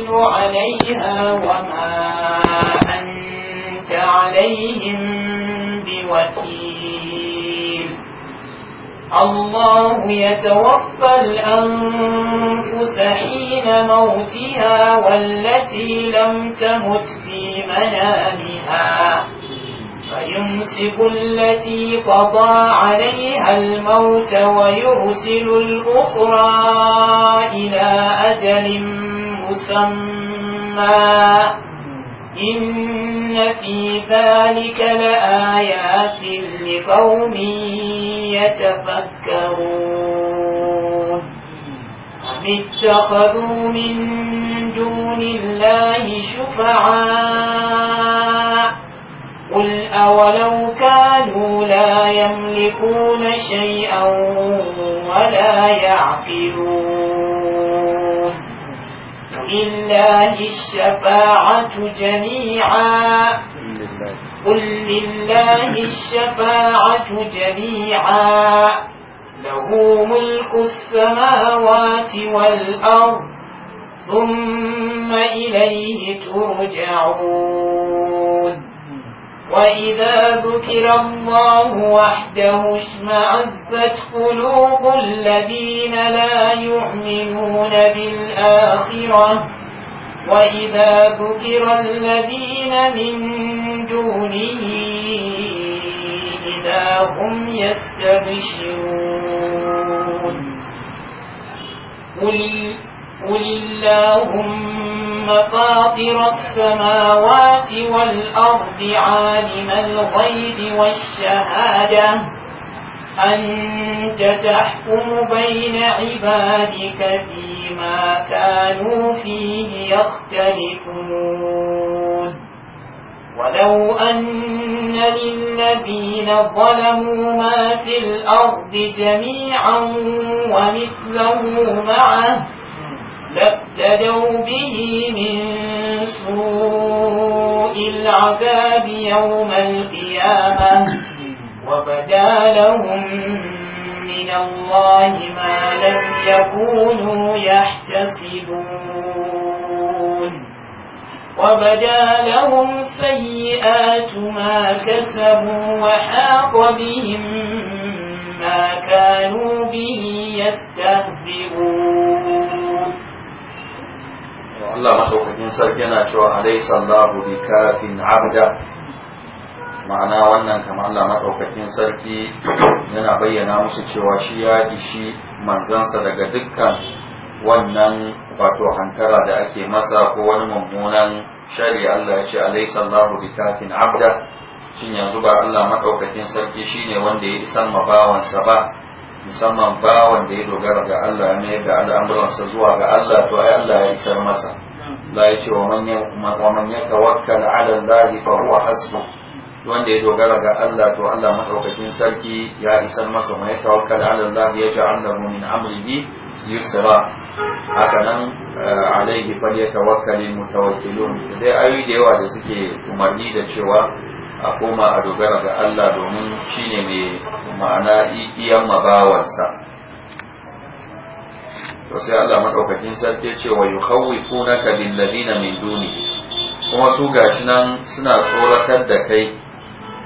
تحمل عليها وما أنت عليهم بوكيل الله يتوفى الأنفس حين موتها والتي لم تمت في منامها فيمسك التي قضى عليها الموت ويرسل الأخرى إلى أجل مسمى إن في ذلك لآيات لقوم يتفكرون أم اتخذوا من دون الله شفعاء قل أولو كانوا لا يملكون شيئا ولا يعقلون لله الشفاعة جميعا قل لله الشفاعة جميعا له ملك السماوات والأرض ثم إليه ترجعون وإذا ذكر الله وحده اشمعزت قلوب الذين لا يؤمنون بالآخرة وإذا ذكر الذين من دونه إذا هم يستبشرون قل قل اللهم فاطر السماوات والأرض عالم الغيب والشهادة أنت تحكم بين عبادك فيما كانوا فيه يختلفون ولو أن للذين ظلموا ما في الأرض جميعا ومثله معه لابتدوا به من سوء العذاب يوم القيامة وبدا لهم من الله ما لم يكونوا يحتسبون وبدا لهم سيئات ما كسبوا وحاق بهم ما كانوا به يستهزئون to Allah madaukakin sarki yana cewa alaysa Allahu bikafin abda ma'ana wannan kamar Allah madaukakin sarki yana bayyana musu cewa shi ya ishi manzansa daga dukkan wannan wato hankara da ake masa ko wani mummunan shari'a, Allah ya ce alaysa Allahu bikafin abda shin yanzu ba Allah madaukakin sarki shine wanda ya isan mabawansa ba musamman bawan da ya dogara ga Allah ya mayar da al'amuransa zuwa ga Allah to ai Allah ya isar masa la ya ce wa man ya tawakkal ala Allah fa huwa hasbu wanda ya dogara ga Allah to Allah madaukakin sarki ya isar masa man ya tawakkal ala Allah ya ja'al lahu min amrihi yusra haka nan eh, alaihi falyatawakkalul mutawakkilun dai ayoyi da yawa da suke umarni da cewa a koma a dogara ga Allah domin shine mai ma'ana iyan mabawansa to sai Allah maɗaukakin sarki ce wa yukhawifunaka bil ladina min duni kuma su gashi nan suna tsoratar da kai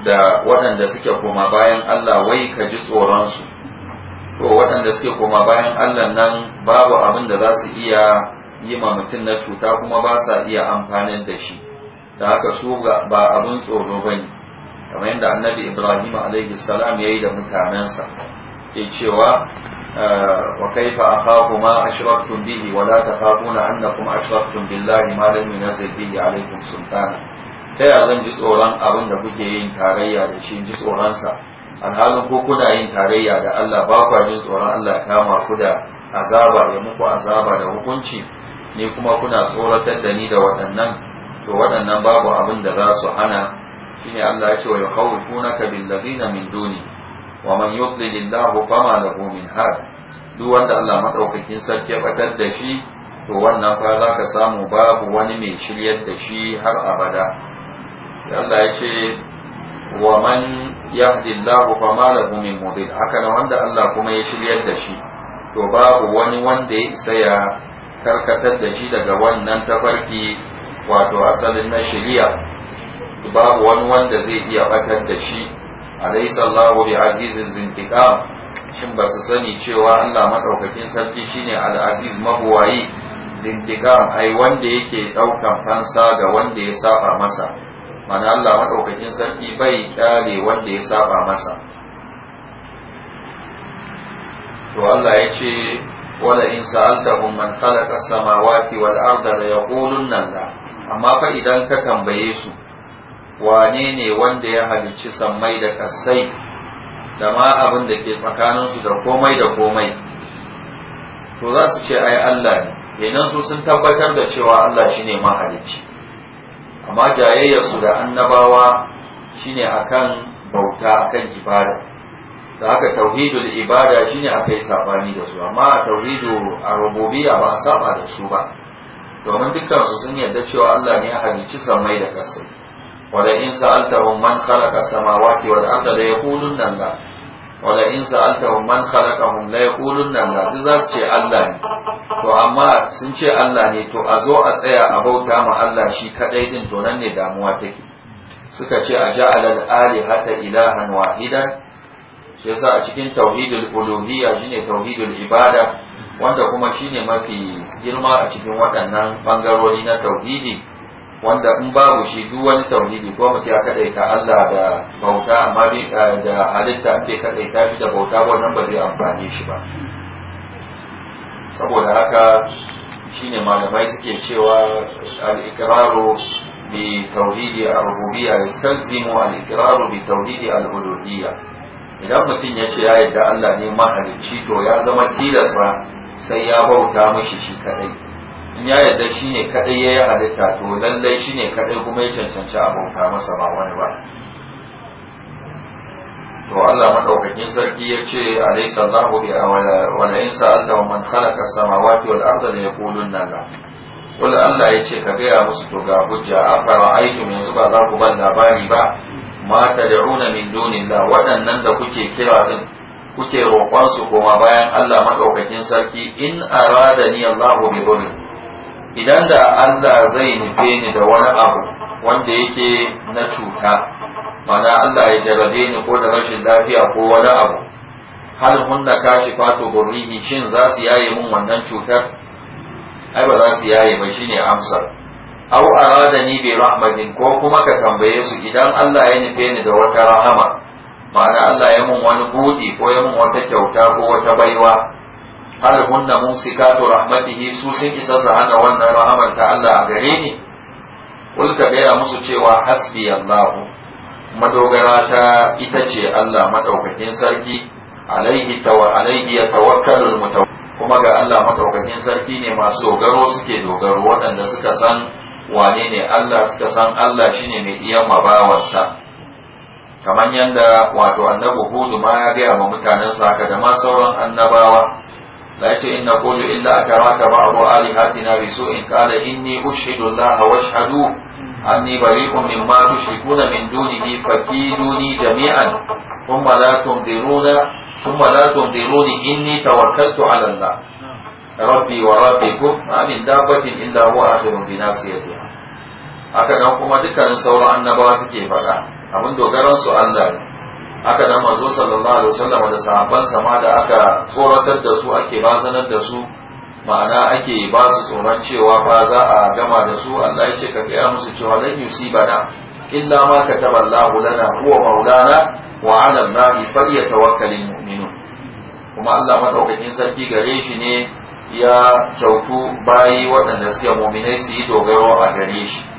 da waɗanda suke koma bayan Allah wai ka ji tsoronsu, to waɗanda suke koma bayan Allah nan babu abin da za su iya yi ma mutum na cuta kuma ba sa iya amfanin da shi da haka su ba abin tsoro ba ne kamar yadda annabi ibrahim alaihi salam ya yi da mutanensa ke cewa eh, wa kaifa akhafu ma ashraktum bihi wa la kuma a ashraktum billahi ma na zai bihi alaikum sultana ta ya zan ji tsoron abin da kuke yin tarayya da shi ji tsoron alhalin ko kuna yin tarayya da Allah ba kwa jin tsoron Allah kama ku da azaba ya muku azaba da hukunci ni kuma kuna tsoratar da ni da waɗannan to waɗannan babu abin da za su hana shine Allah ya ce wa yukhawifunaka bil ladina min duni wa man yudlilillahu fama lahu min had duk wanda Allah madaukakin sarki ya batar da shi to wannan fa za ka samu babu wani mai shiryar da shi har abada sai Allah ya ce wa man yahdillahu fama lahu min mudil haka nan wanda Allah kuma ya shiryar da shi to babu wani wanda ya isa ya karkatar da shi daga wannan tafarki wato asalin na shari'a babu wani wanda zai iya ɓatar da shi dai sallahu bi azizin zintiqam shin ba su sani cewa Allah maɗaukakin sarki shine al'aziz aziz mabuwayi zintiqam ai wanda yake daukan fansa ga wanda ya saba masa mana Allah maɗaukakin sarki bai kyale wanda ya saba masa to Allah ya ce wala in sa'altahum man khalaqa as-samawati wal arda la yaqulunna Allah amma fa idan ka tambaye su wane ne wanda ya halicci sammai da kasai da ma abin da ke tsakaninsu da komai da komai to za su ce ai Allah ne kenan su sun tabbatar da cewa Allah shine mahalicci amma jayayyarsu da annabawa shine akan bauta akan ibada da haka tauhidul ibada shine akai sabani da su amma a tauhidu a rububiyya ba a saba da su ba domin dukkansu sun yarda cewa Allah ne ya halicci samai da kasai wala in sa'altahum man khalaqa samawati wal arda la yaqulunna Allah wala in sa'altahum man khalaqahum la yaqulunna Allah duk za su ce Allah ne to amma sun ce Allah ne to a zo a tsaya a bauta ma Allah shi kadai din to nan ne damuwa take suka ce a ja'ala al-alihata ilahan wahidan shi yasa a cikin tauhidul uluhiyya shine tauhidul ibada wanda kuma shine mafi girma a cikin waɗannan ɓangarori na tauhidi wanda in babu shi duk wani tauhidi ko mace ya ka Allah da bauta amma eh, da halitta in bai kadaita shi da bauta wannan ba zai amfani shi ba saboda haka shine malamai suke cewa al bi tauhidi ar-rububiyya yastalzimu al-iqraru bi tauhidi al-uluhiyya idan mutum ya ce ya yarda Allah ne mahalicci to ya zama tilas ba. sai ya bauta mashi shi kadai in ya yarda shi ne kadai ya yi halitta to lallai shi ne kadai kuma ya cancanci a bauta masa ba wani ba to Allah madaukakin sarki ya ce alaysa Allahu bi wala in sa'alta man khalaqa as-samawati wal arda la yaqulunna la kul Allah ya ce ka gaya musu to ga hujja a fara aikin yanzu ba za ku ban labari ba ma tad'una min dunillahi waɗannan da kuke kira din kuke roƙon su koma bayan Allah maɗaukakin sarki in arada ni Allah bi idan da Allah zai nufe ni da wani abu wanda yake na cuta mana Allah ya jarabe ni ko da rashin lafiya ko wani abu hal hunna fato dhurrihi shin za su yaye mun wannan cutar ai ba za su yaye mai shine amsar au arada ni bi rahmatin ko kuma ka tambaye su idan Allah ya nufe ni da wata rahama ma'ana Allah ya mun wani buɗi ko ya mun wata kyauta ko wata baiwa Har mun Sika to rahmatihi su sun isa su hana wannan rahamar ta Allah a gare ni kul ka gaya musu cewa hasbi Allah madogara ta ita ce Allah madaukakin sarki alaihi tawa alaihi yatawakkalul kuma ga Allah madaukakin sarki ne masu dogaro suke dogaro waɗanda suka san wane ne Allah suka san Allah shine mai iya mabawarsa kamar yadda wato annabi hudu ma ya gaya ma sa haka da ma sauran annabawa la yace inna qulu illa akaraka ba'du alihatina bi su'in qala inni ushhidu allaha ashhadu anni bari'un mimma tushrikuna min dunihi fakiduni jami'an thumma la tumdiruna thumma la tumdiruni inni tawakkaltu ala allah rabbi wa rabbikum ma min dabbatin illa huwa akhirun bi nasiyatiha haka dan kuma dukkan sauran annabawa suke faɗa abin dogaran su Allah haka nan manzo sallallahu alaihi wasallam da sahabban sama da aka tsoratar da su ake bazanar da su ma'ana ake ba su tsoron cewa fa za a gama da su Allah ya ce ka gaya musu cewa lan yusibana illa ma kataba Allah lana huwa maulana wa 'ala ya falyatawakkalul mu'minun kuma Allah madaukakin sarki gare shi ne ya kyautu bayi waɗanda suke mu'minai su yi dogaro a gare shi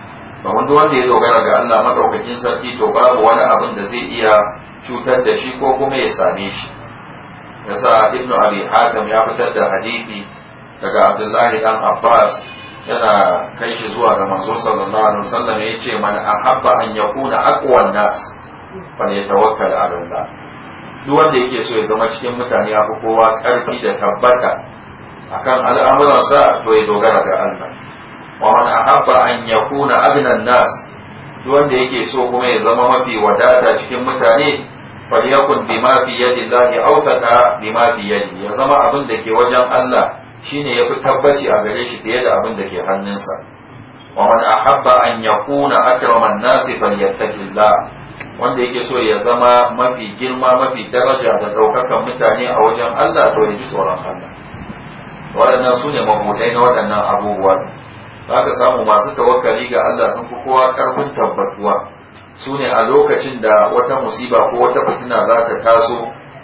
domin duk wanda ya dogara ga Allah madaukakin sarki to babu wani abin da zai iya cutar da shi ko kuma ya same shi yasa ibnu abi hatim ya fitar da hadisi daga abdullahi dan abbas yana kai shi zuwa ga manzo sallallahu alaihi wasallam ya ce man ahabba an yakuna aqwa nas fa yatawakkal ala Allah duk wanda yake so ya zama cikin mutane ya fi kowa karfi da tabbata akan al'amuransa to ya dogara ga Allah wa man ahabba an yakuna agnan nas duk wanda yake so kuma ya zama mafi wadata cikin mutane falyakun bima fi yadi fi yadi ya zama abin da ke wajen Allah shine yafi tabbaci a gare shi fiye da abin da ke hannunsa wa man ahabba an yakuna akraman nasi falyattaqillah wanda yake so ya zama mafi girma mafi daraja da ɗaukakan mutane a wajen Allah to ya tsoron Allah waɗannan su ne mabuɗai na waɗannan abubuwa Zaka samu masu tawakkali ga Allah sun fi kowa karfin tabbatuwa su ne a lokacin da wata musiba ko wata fitina za ta taso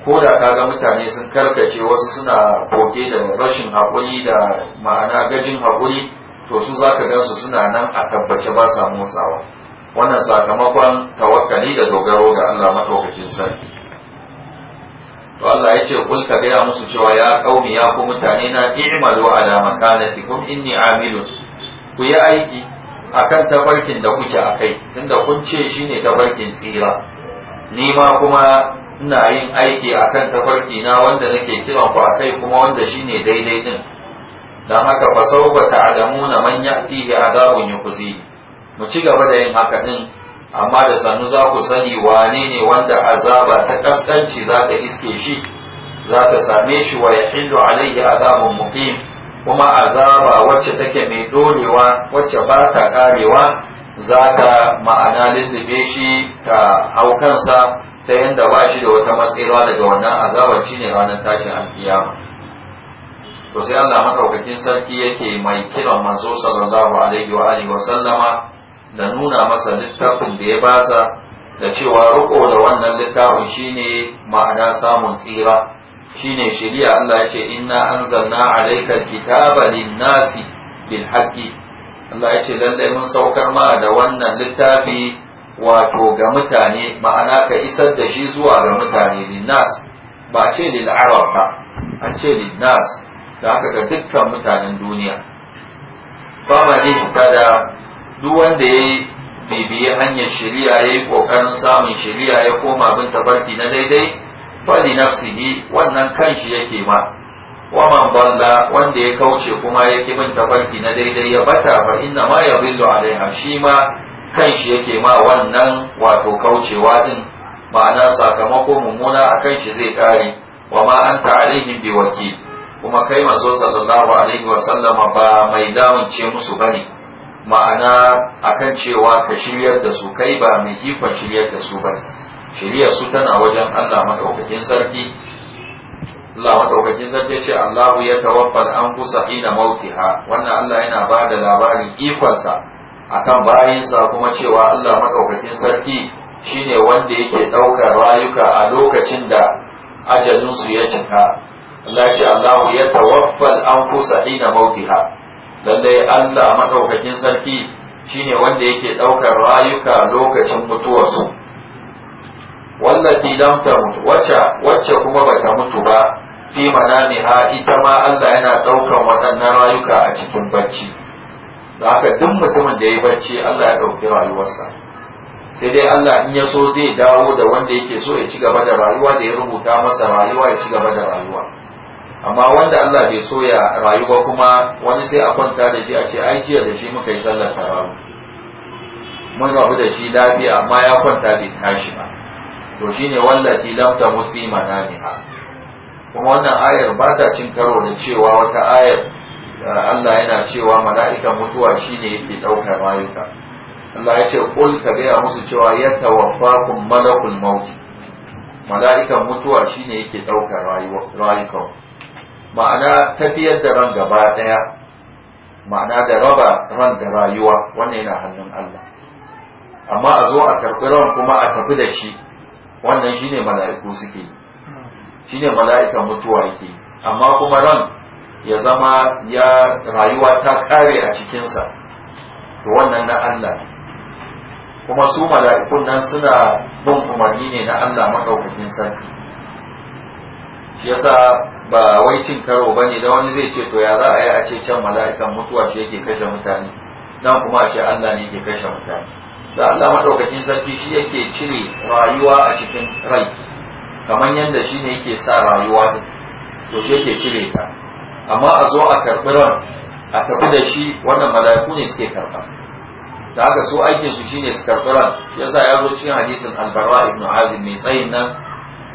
ko da ka ga mutane sun karkace wasu suna koke da rashin haƙuri da ma'ana gajin haƙuri to su za ka gansu suna nan a tabbace ba sa motsawa wannan sakamakon tawakkali da dogaro ga Allah matokacin sarki to Allah ya ce kul ka gaya musu cewa ya kaumi ya ku mutane na ti'imalu ala makanatikum inni amilun ku yi aiki akan tabarkin da kuke a kai tunda kun ce shi shine tabarkin tsira ni ma kuma ina yin aiki akan tafarki na wanda nake kiran ku a kai kuma wanda shi ne daidai din dan haka na manyan tsiri a gabon yi kusi mu ci gaba da yin haka din amma da sannu za ku sani wane ne wanda azaba ta kaskanci za ta iske shi za ta same shi wa yahillu alaihi azabun muqim kuma azaba wacce take mai dorewa wacce ba ta karewa za ta ma'ana lullube shi ta hau kansa ta yadda ba shi da wata matsira daga wannan azabar shi ne ranar tashin alkiyama to sai Allah madaukakin sarki yake mai kiran manzo sallallahu alaihi wa alihi wa sallama da nuna masa littafin da ya basa da cewa riƙo da wannan littafin shine ma'ana samun tsira shine shari'a Allah ya ce inna anzalna alayka alkitaba lin-nasi bil Allah ya ce lalle mun saukar ma da wannan littafi wato ga mutane ma'ana ka isar da shi zuwa ga mutane lin ba ce lil-arab ba an ce lin da haka ga dukkan mutanen duniya ba ma ne kada duk wanda yayi bibiye hanyar shari'a yayi kokarin samun shari'a ya koma bin tabarti na daidai fali ne wannan kanshi yake ma wa man balla wanda ya kauce kuma yake min tafarki na daidai ya bata fa inna ma yadhillu alaiha shi ma kanshi yake ma wannan wato kaucewa din ma'ana sakamako mummuna a kanshi zai kare wa ma anta alaihim waki kuma kai mazo sallallahu alaihi wa sallama ba mai damunce musu bane ma'ana akan cewa ka shiryar da su kai ba mai ikon shiryar da su bane shari'a su tana wajen Allah madaukakin sarki Allah madaukakin sarki ce Allahu ya tawaffal an kusa ina mautiha wannan Allah yana ba da labarin ikonsa akan bayinsa kuma cewa Allah madaukakin sarki shine wanda yake ɗaukar rayuka a lokacin da ajalinsu ya cika Allah ce Allahu ya tawaffal an kusa ina mautiha lallai Allah madaukakin sarki shine wanda yake ɗaukar rayuka lokacin mutuwarsu wallati lam mutu wacce wacce kuma bata mutu ba fi ha ita ma Allah yana daukan waɗannan rayuka a cikin bacci da haka duk mutumin da ya bacci Allah ya dauki rayuwarsa sai dai Allah in ya so zai dawo da wanda yake so ya ci gaba da rayuwa da ya rubuta masa rayuwa ya ci gaba da rayuwa amma wanda Allah bai so ya rayuwa kuma wani sai a kwanta da shi a ce ai jiya da shi muka yi sallar tarawih mun rabu da shi lafiya amma ya kwanta bai tashi ba to shine wallati lam tamut fi manamiha kuma wannan ayar ba ta cin karo da cewa wata ayar eh, Allah yana cewa mala'ika mutuwa shine yake daukar rayuka Allah ya ce qul ka ga musu cewa yatawaffakum malakul maut mala'ikan mutuwa shine yake daukar rayuka ma'ana tafiyar da ran gaba daya ma'ana da raba ran da rayuwa wannan yana hannun Allah amma a zo a karɓi ran kuma a tafi da shi wannan shine mala'iku suke shine mala'ika mutuwa yake amma kuma ran ya zama ya rayuwa ta kare a cikinsa to wannan na Allah kuma su mala'ikun nan suna bin umarni ne na Allah maɗaukakin sarki shi yasa ba wai cin karo ba ne da wani zai ce to ya za a yi a ce can mala'ikan mutuwa ce yake kashe mutane nan kuma a ce Allah ne yake kashe mutane da Allah madaukakin sarki shi yake cire rayuwa a cikin rai kamar yadda shi ne yake sa rayuwa da to shi yake cire ta amma a zo a karɓi ran a tafi da shi wannan mala'iku ne suke karɓa da haka su aikin su shine su karɓi ran yasa ya zo cikin hadisin albarra ibnu azim mai tsayin nan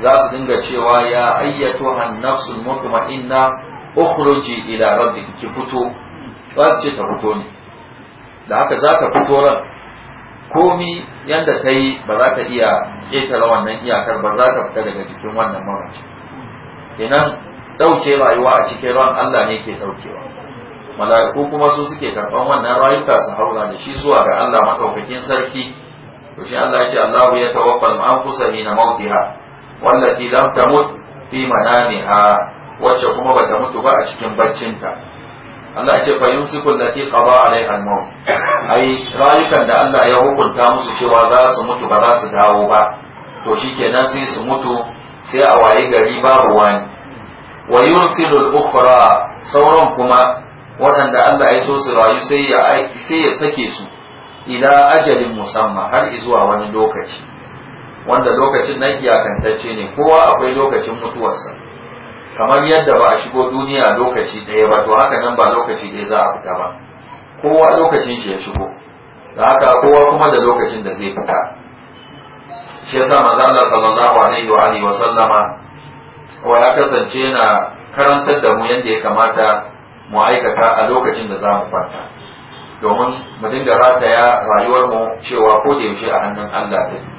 za su dinga cewa ya ayyatu an nafsul mutma'inna ukhruji ila rabbik ki fito ba su ce ta fito ne da haka za ka fito ran komi yadda ta yi ba za ta iya ƙetare wannan iyakar ba za ta fita daga cikin wannan mamaci kenan ɗauke rayuwa a cikin ran Allah ne ke ɗaukewa mala'iku kuma su suke karɓan wannan rayuka su haura da shi zuwa ga Allah maɗaukakin sarki to shi Allah ya ce Allahu ya tawaffal anfusa min mautiha wallati lam tamut fi manamiha wacce kuma ba ta mutu ba a cikin baccinta Allah ya ce fa yumsiku allati qada alaiha al-maut ai rayukan da Allah ya hukunta musu cewa za su mutu ba za su dawo ba to shikenan sai su mutu sai a waye gari babu wani wa yursilu al-ukhra sauran kuma waɗanda Allah ya so su rayu sai ya sai ya sake su ila ajalin musamma har zuwa wani lokaci wanda lokacin nan iyakantacce ne kowa akwai lokacin mutuwarsa kamar yadda ba a shigo duniya lokaci ɗaya ba to haka nan ba lokaci ɗaya za a fita ba kowa lokacin shi ya shigo da haka kowa kuma da lokacin da zai fita shi yasa manzo Allah sallallahu alaihi wa alihi wa sallama wa ya kasance yana karantar da mu yadda ya kamata mu aikata a lokacin da za mu kwanta domin mu dinga rataya rayuwar mu cewa ko da yaushe a hannun Allah ne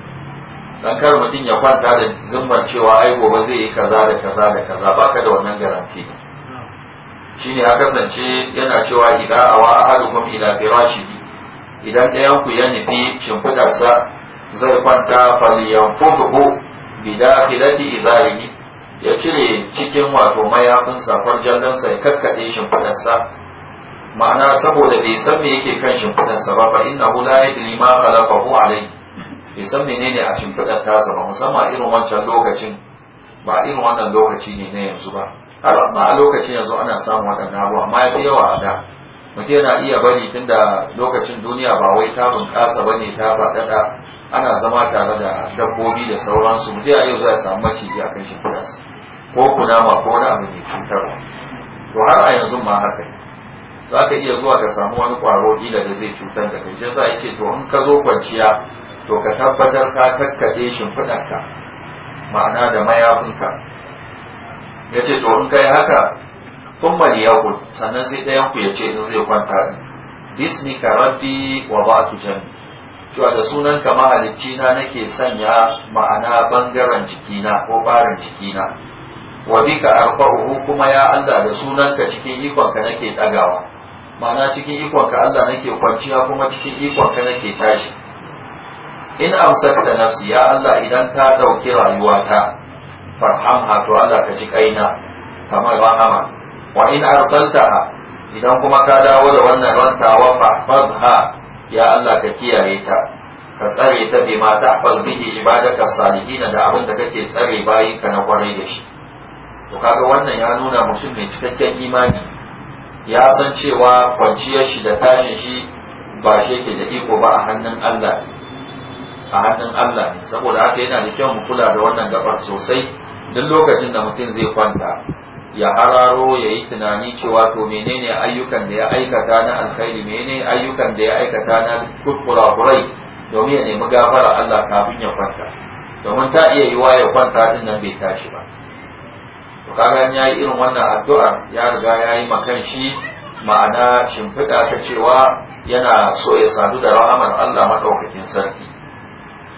dan kar mutum ya kwanta da zumban cewa ai gobe zai yi kaza da kaza da kaza baka da wannan garanti ne shine ya kasance yana cewa idan awa ahadukum ila firashi idan ɗayan ku ya nufi shimfidarsa zai kwanta falyanfuhu bi dakhilati izari ya cire cikin wato mayafin safar jallansa ya kakkaɗe shimfidarsa ma'ana saboda bai san me yake kan shimfidarsa ba fa innahu la yadri ma khalaqahu alayhi bai san menene a shimfiɗar tasa ba musamman irin wancan lokacin ba irin wannan lokaci ne na yanzu ba har amma a lokacin yanzu ana samun waɗannan abu amma ya fi yawa a da mutum yana iya bari tun da lokacin duniya ba wai ta bunƙasa ba ne ta faɗaɗa ana zama tare da dabbobi da sauransu mutum a yau za a samu maciji a kan shimfiɗarsa ko kunama ko wani abu mai cutarwa to har a yanzu ma haka ne za ka iya zuwa ka samu wani ƙwaro kila da zai cutar da kai shi yasa ce to in ka zo kwanciya to ka tabbatar ka kakkaɓe shimfiɗarka ma'ana da mayafinka ya ce to in kai haka kun ya yakul sannan sai ɗayan ku ya ce in zai kwanta ne bismi ka rabbi wa ba tu jami cewa da sunan ka mahalicci na nake sanya ma'ana bangaren jikina ko barin jikina wa bika arfa'uhu kuma ya Allah da sunan ka cikin ikon ka nake ɗagawa ma'ana cikin ikon ka Allah nake kwanciya kuma cikin ikon ka nake tashi in amsakta nafsi ya Allah idan ta dauki rayuwata farhamha to Allah ka ji kaina kamar rahama wa in arsalta idan kuma ka dawo da wannan rantawa fahfadha ya Allah ka kiyaye ta ka tsare ta bi ma ta tahfaz ibada ibadaka salihina da abin da kake tsare bayin ka na kwarai da shi to kaga wannan ya nuna mutum mai cikakken imani ya san cewa kwanciyar shi da tashin shi ba shi ke da iko ba a hannun Allah a hannun Allah ne saboda haka yana da kyau mu kula da wannan gabar sosai duk lokacin da mutum zai kwanta ya hararo ya yi tunani cewa to menene ayyukan da ya aikata na alkhairi menene ayyukan da ya aikata na kurakurai domin ya nemi gafara Allah kafin ya kwanta domin ta iya yiwa ya kwanta din nan bai tashi ba to kaga ya yi irin wannan addu'a ya riga ya yi makan shi ma'ana shimfiɗa ta cewa yana so ya sadu da rahamar Allah maɗaukakin sarki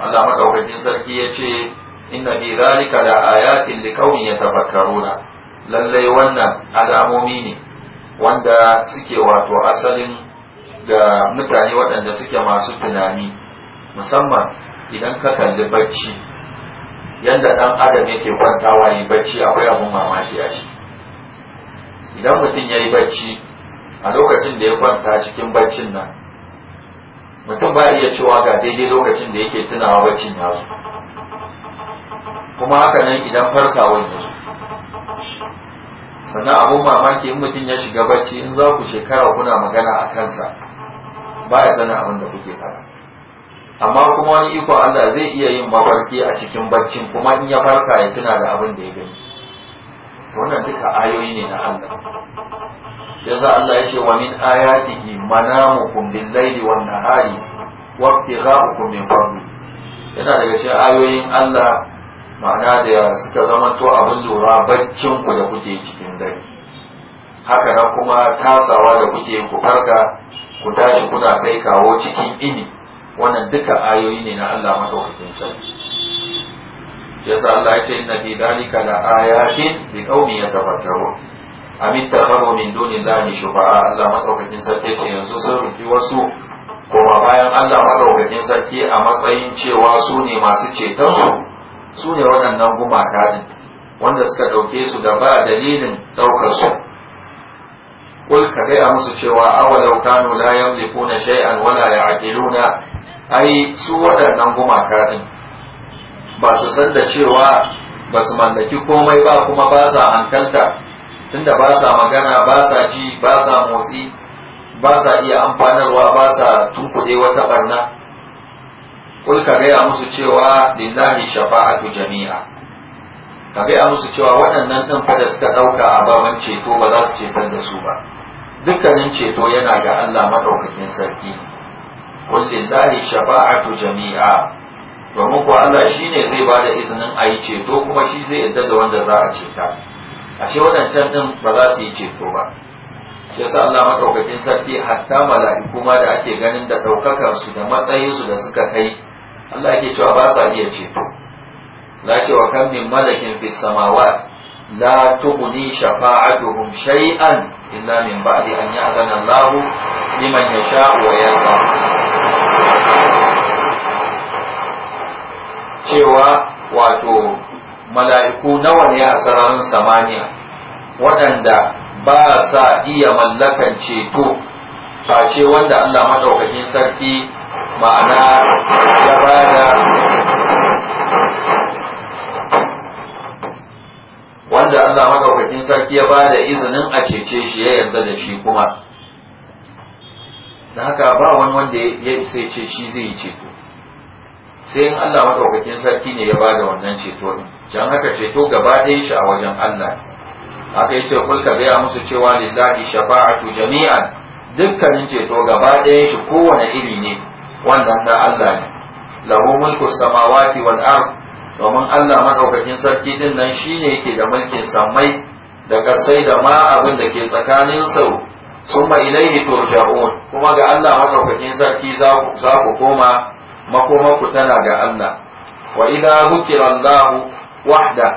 Allah madaukakin sarki ya ce inna bi zalika la ayatin li qaumin yatafakkaruna lallai wannan alamomi ne wanda suke wato asalin ga mutane waɗanda suke masu tunani musamman idan ka kalli bacci yanda dan adam yake kwantawa yi bacci akwai abun mamaki a shi idan mutum ya yi bacci a lokacin da ya kwanta cikin baccin nan mutum ba iya cewa ga daidai lokacin da yake tunawa baccin ya zo kuma haka nan idan farkawan ya zo sannan abun mamaki in mutum ya shiga bacci in za ku shekara kuna magana a kansa ba ya sanin abin da kuke fara amma kuma wani iko Allah zai iya yin mafarki a cikin baccin kuma in ya farka ya tuna da abin da ya gani wannan duka ayoyi ne na Allah yasa Allah ya ce wa min ayatihi manamukum bil laili wan nahari wabtigha'ukum min fadli yana daga cikin ayoyin Allah ma'ana da suka zamanto abin lura baccin ku da kuke cikin dare haka nan kuma tasawa da kuke ku farka ku tashi kuna kai kawo cikin ini wannan duka ayoyi ne na Allah madaukakin sarki yasa Allah ya ce inna fi dalika la ayatin liqaumin yatafakkarun amin za min dunillahi shufa'a Allah madaukakin sarki ce yanzu sun rufi wasu kuma bayan Allah madaukakin sarki a matsayin cewa su ne masu ceton su su ne waɗannan gumaka din wanda suka ɗauke su da ba dalilin ɗaukar su kul ka gaya musu cewa awalau kanu la yamlikuna shay'an wala ya'qiluna ai su waɗannan gumaka din ba su san da cewa ba su mallaki komai ba kuma ba sa hankalta tunda ba sa magana ba sa ji ba sa motsi ba sa iya amfanarwa ba sa tunkuɗe wata barna kul ka gaya musu cewa lillahi shafa'atu jami'a ka gaya musu cewa waɗannan ɗin fa suka ɗauka a baban ceto ba za su cetar da su ba dukkanin ceto yana ga Allah maɗaukakin sarki kul lillahi shafa'atu jami'a domin ko Allah ne zai ba da izinin a yi ceto kuma shi zai yadda da wanda za a ceta ashe waɗancan ɗin ba za su yi ceto ba shi yasa Allah madaukakin sarki hatta mala'iku ma da ake ganin da ɗaukakar su da matsayin su da suka kai Allah yake cewa ba sa iya ceto la ce wa kan min malakin fi samawat la tughni shafa'atuhum shay'an illa min ba'di an ya'dana Allah liman yasha'u wa yarda cewa wato mala'iku nawa ne a sararin samaniya waɗanda ba sa iya mallakan ceto face wanda Allah maɗaukakin sarki ma'ana ya bada wanda Allah maɗaukakin sarki ya da izinin a cece shi ya yarda da shi kuma da haka ba wani wanda ya isa ce shi zai yi ceto sai in Allah madaukakin sarki ne ya ba da wannan ceto din can haka ceto gaba ɗaya shi a wajen Allah haka yace kul ka gaya musu cewa lillahi shafa'atu jami'an dukkanin ceto gaba ɗaya shi kowane iri ne wannan da Allah ne lahu mulku samawati wal ard domin Allah madaukakin sarki din nan shine yake da mulkin sammai da kasai da ma abin da ke tsakanin su summa ilaihi turja'un kuma ga Allah madaukakin sarki za ku koma makomanku tana ga Allah wa idan hukira Allah wahda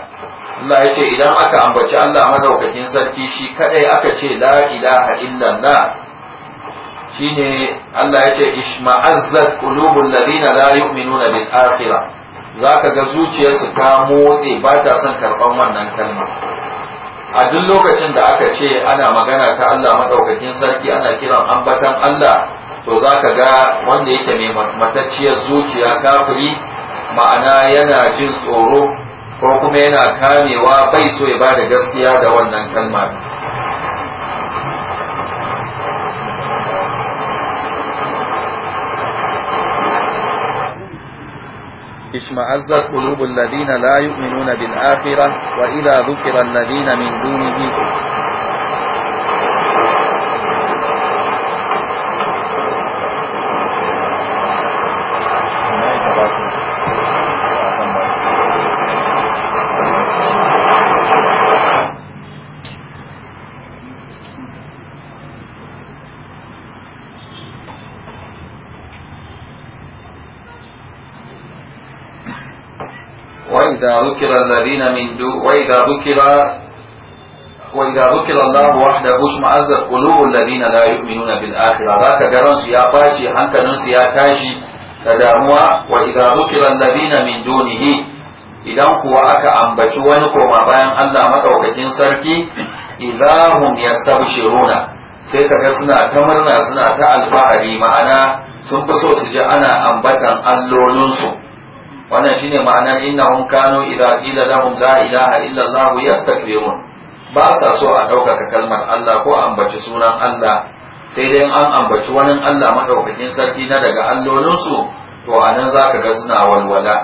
Allah ya ce idan aka ambaci Allah madaukakin sarki shi kadai aka ce la ilaha illallah shine Allah ya ce ishma'azzat qulubul ladina la yu'minuna bil akhirah zaka ga zuciyarsu ta motsi? ba ta son karban wannan kalma a duk lokacin da aka ce ana magana ta Allah madaukakin sarki ana kiran ambatan Allah to za ka ga wanda yake mai matacciyar zuciya kafiri ma'ana yana jin tsoro ko kuma yana kamewa bai so ya bada gaskiya da wannan kalmar اشمعزت قلوب الذين لا يؤمنون بالآخرة وإذا ذكر الذين من دونه ذكر الذين من دو وإذا ذكر وإذا ذكر الله وحده اشمأزت قلوب الذين لا يؤمنون بالآخرة ذاك جرن سياقاتي أنك نسياقاتي تداموا وإذا ذكر الذين من دونه idan kuwa aka ambaci wani koma bayan Allah maɗaukakin sarki ilahum yastabshiruna sai kaga suna ta murna suna ta alfahari ma'ana sun fi so su ji ana ambatan allolinsu wannan shine ma'anar innahum kanu idza qila lahum la ilaha illa allah yastakbirun ba sa so a ɗaukaka kalmar Allah ko ambaci sunan Allah sai dai an ambaci wani Allah madaukakin sarki na daga allolinsu to anan zaka ga suna walwala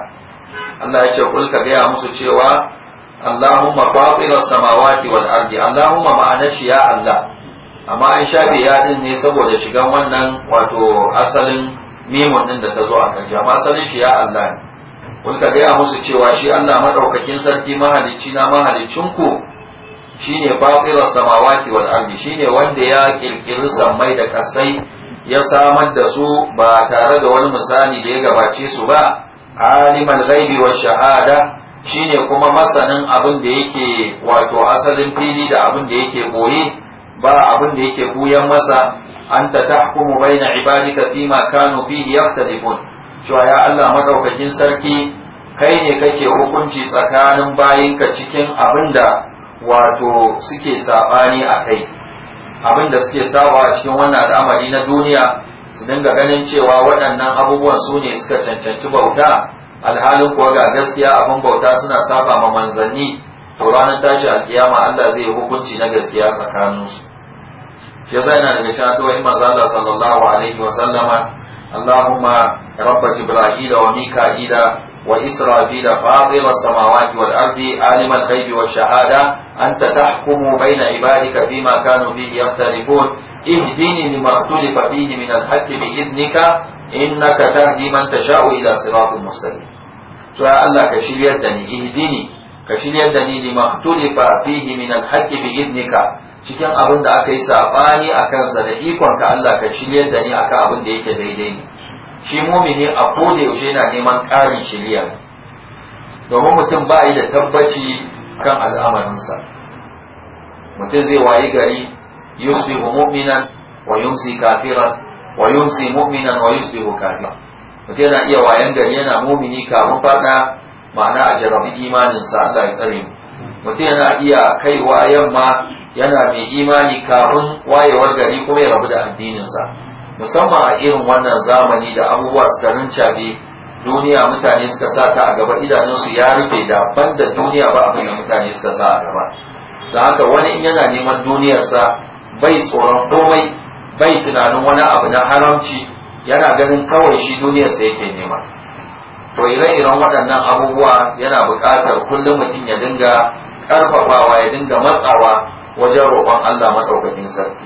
Allah ya ce kul ka gaya musu cewa Allahumma fatir samawati wal ardi Allahumma ma'ana shi ya Allah amma an shafe ya din ne saboda shigan wannan wato asalin mimun din da ta zo a kan jama'a asalin shi ya Allah ne mun ka gaya musu cewa shi Allah madaukakin sarki mahalicci na ku, shine baqira samawati wal ardi shine wanda ya kirkiri sammai da kasai ya samar da su ba tare da wani misali da ya gabace su ba alimal ghaibi wa shahada shine kuma masanin abin da yake wato asalin fili da abin da yake boye ba abin da yake buyan masa anta tahkumu baina ibadika fima kanu fihi yaftalifun cewa ya Allah madaukakin sarki kai ne kake hukunci tsakanin bayinka cikin abin da wato suke sabani a kai abin da suke sawa a cikin wannan al'amari na duniya su dinga ganin cewa waɗannan abubuwan su ne suka cancanci bauta alhalin kuwa ga gaskiya abin bauta suna saba ma manzanni to ranar tashi alkiyama Allah zai yi hukunci na gaskiya tsakaninsu shi yasa yana daga cikin addu'o'in sallallahu alaihi wa sallama اللهم رب جبرائيل وميكائيل وإسرافيل فاطر السماوات والأرض عالم الغيب والشهادة أنت تحكم بين عبادك فيما كانوا فيه يختلفون اهدني لما اختلف فيه من الحق بإذنك إنك تهدي من تشاء إلى صراط مستقيم سواء الله كشير يدني اهدني كشير يدني لما اختلف فيه من الحق بإذنك cikin abin da aka yi saɓani a kansa da ikon ka Allah ka shiryar da ni akan abin da yake daidai ne shi mumini a koda yaushe yana neman ƙarin shirya domin mutum ba yi da tabbaci kan al'amarinsa mutum zai wayi gari yusbihu mu'minan wa yunsi kafira wa yunsi mu'minan wa kafira mutum yana iya wayan gari yana mumini kafin faɗa ma'ana a jarabi imaninsa Allah ya tsare mutum yana iya kaiwa yamma yana mai imani kafin wayewar gari kuma ya rabu da addininsa musamman a irin wannan zamani da abubuwa suka rincabe duniya mutane suka sa ta a gaba idanunsu ya rufe daban da duniya ba abin da mutane suka sa a gaba da haka wani in yana neman duniyarsa bai tsoron komai bai tunanin wani abu na haramci yana ganin kawai shi duniyarsa yake nema to ire-iren waɗannan abubuwa yana buƙatar kullum mutum ya dinga ƙarfafawa ya dinga matsawa wajen roƙon Allah maɗaukakin sarki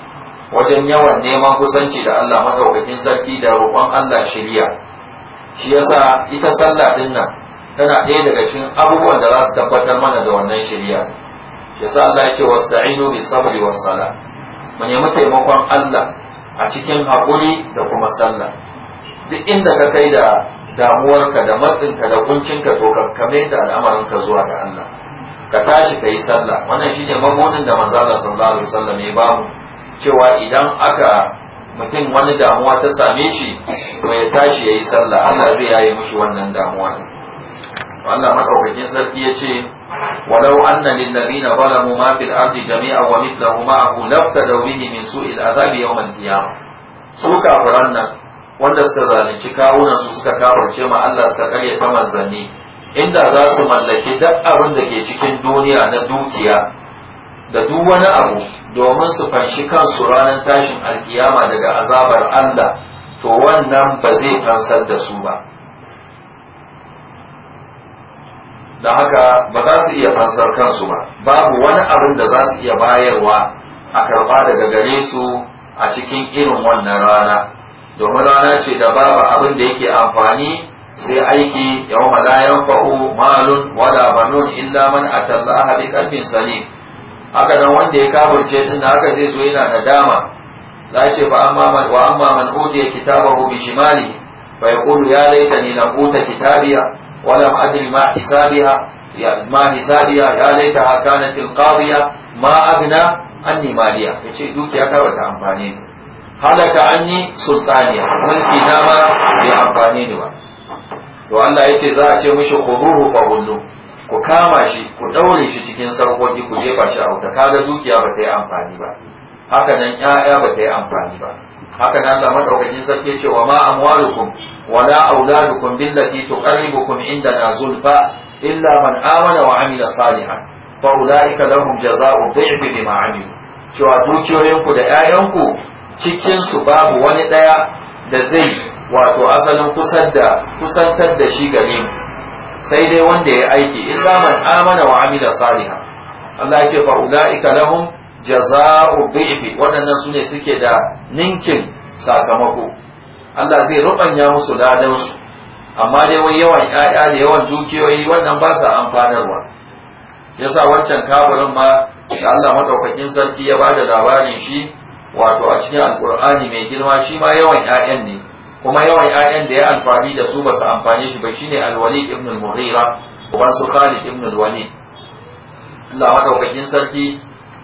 wajen yawan neman kusanci da Allah maɗaukakin sarki da roƙon Allah shiriya shi yasa ita sallah din nan tana ɗaya daga cikin abubuwan da za su tabbatar mana da wannan shiriya shi yasa Allah ya ce wasta'inu bi sabri was sala mu nemi taimakon Allah a cikin haƙuri da kuma sallah duk inda ka kai da damuwarka da matsinka da kuncinka to ka kame da al'amarinka zuwa ga Allah ka tashi ka yi sallah wannan shine mabudin da mazala sallallahu alaihi wasallam ya ba mu cewa idan aka mutum wani damuwa ta same shi to ya tashi ya yi sallah Allah zai yayi mushi wannan damuwa Allah madaukakin sarki ya ce walau anna lil ladina zalamu ma fil ardi jami'a wa mithluhu ma'ahu laftadaw bihi min su'il azabi yawm al qiyamah su kafiran nan wanda suka zalunci kawunan su suka kafirce ma Allah suka karya ta manzanni inda za su mallaki duk abin da ke cikin duniya na dukiya da duk wani abu domin su fanshi kansu ranar tashin alkiyama daga azabar Allah to wannan ba zai fansar da su ba da haka ba za su iya fansar kansu ba babu wani abin da za su iya bayarwa a karba daga gare su a cikin irin wannan rana domin rana ce da babu abin da yake amfani sai aiki ma la yanfa'u malun wala banun illa man atallaha bi qalbin salim haka nan wanda ya kafirce din da haka sai zo yana nadama la ce fa amma man wa amma man utiya kitabahu bi shimali fa yaqulu ya laitani lam uta kitabiya wa lam adri ma hisabiha ya ma hisabiya ya laitaha kanat alqadiya ma agna anni maliya yace dukiya ka ta amfani halaka anni sultaniya mulki na ma bai ne ni ba to Allah ya ce za a ce mishi kururu fa hullu ku kama shi ku daure shi cikin sarkoki ku jefa shi a wuta kaga dukiya ba ta yi amfani ba haka nan ƴaƴa ba ta yi amfani ba haka nan Allah madaukakin sarki ce wa ma amwalukum wala auladukum billati tuqarribukum indana zulfa illa man amana wa amila salihan fa ulaika lahum jazaa'u dhi'fi bima amilu cewa dukiyoyinku da ƴaƴanku cikin su babu wani ɗaya da zai wato asalin kusantar da shi gare mu sai dai wanda ya aiki illa man amana wa amila salihan Allah ya ce fa ulaika lahum jaza'u bi'fi waɗannan sune suke da ninkin sakamako Allah zai rubanya musu ladan su amma dai wani yawan 'ya'ya da yawan dukiyoyi wannan ba sa amfanarwa yasa wancan kafirin ma da Allah madaukakin sarki ya bada labarin shi wato a cikin alkur'ani mai girma shi ma yawan 'ya'yan ne kuma yawan 'ya'yan da ya alfahari da su ba su amfane shi ba shine alwali ibn al-mughira uban su khalid ibn al wali Allah madaukakin sarki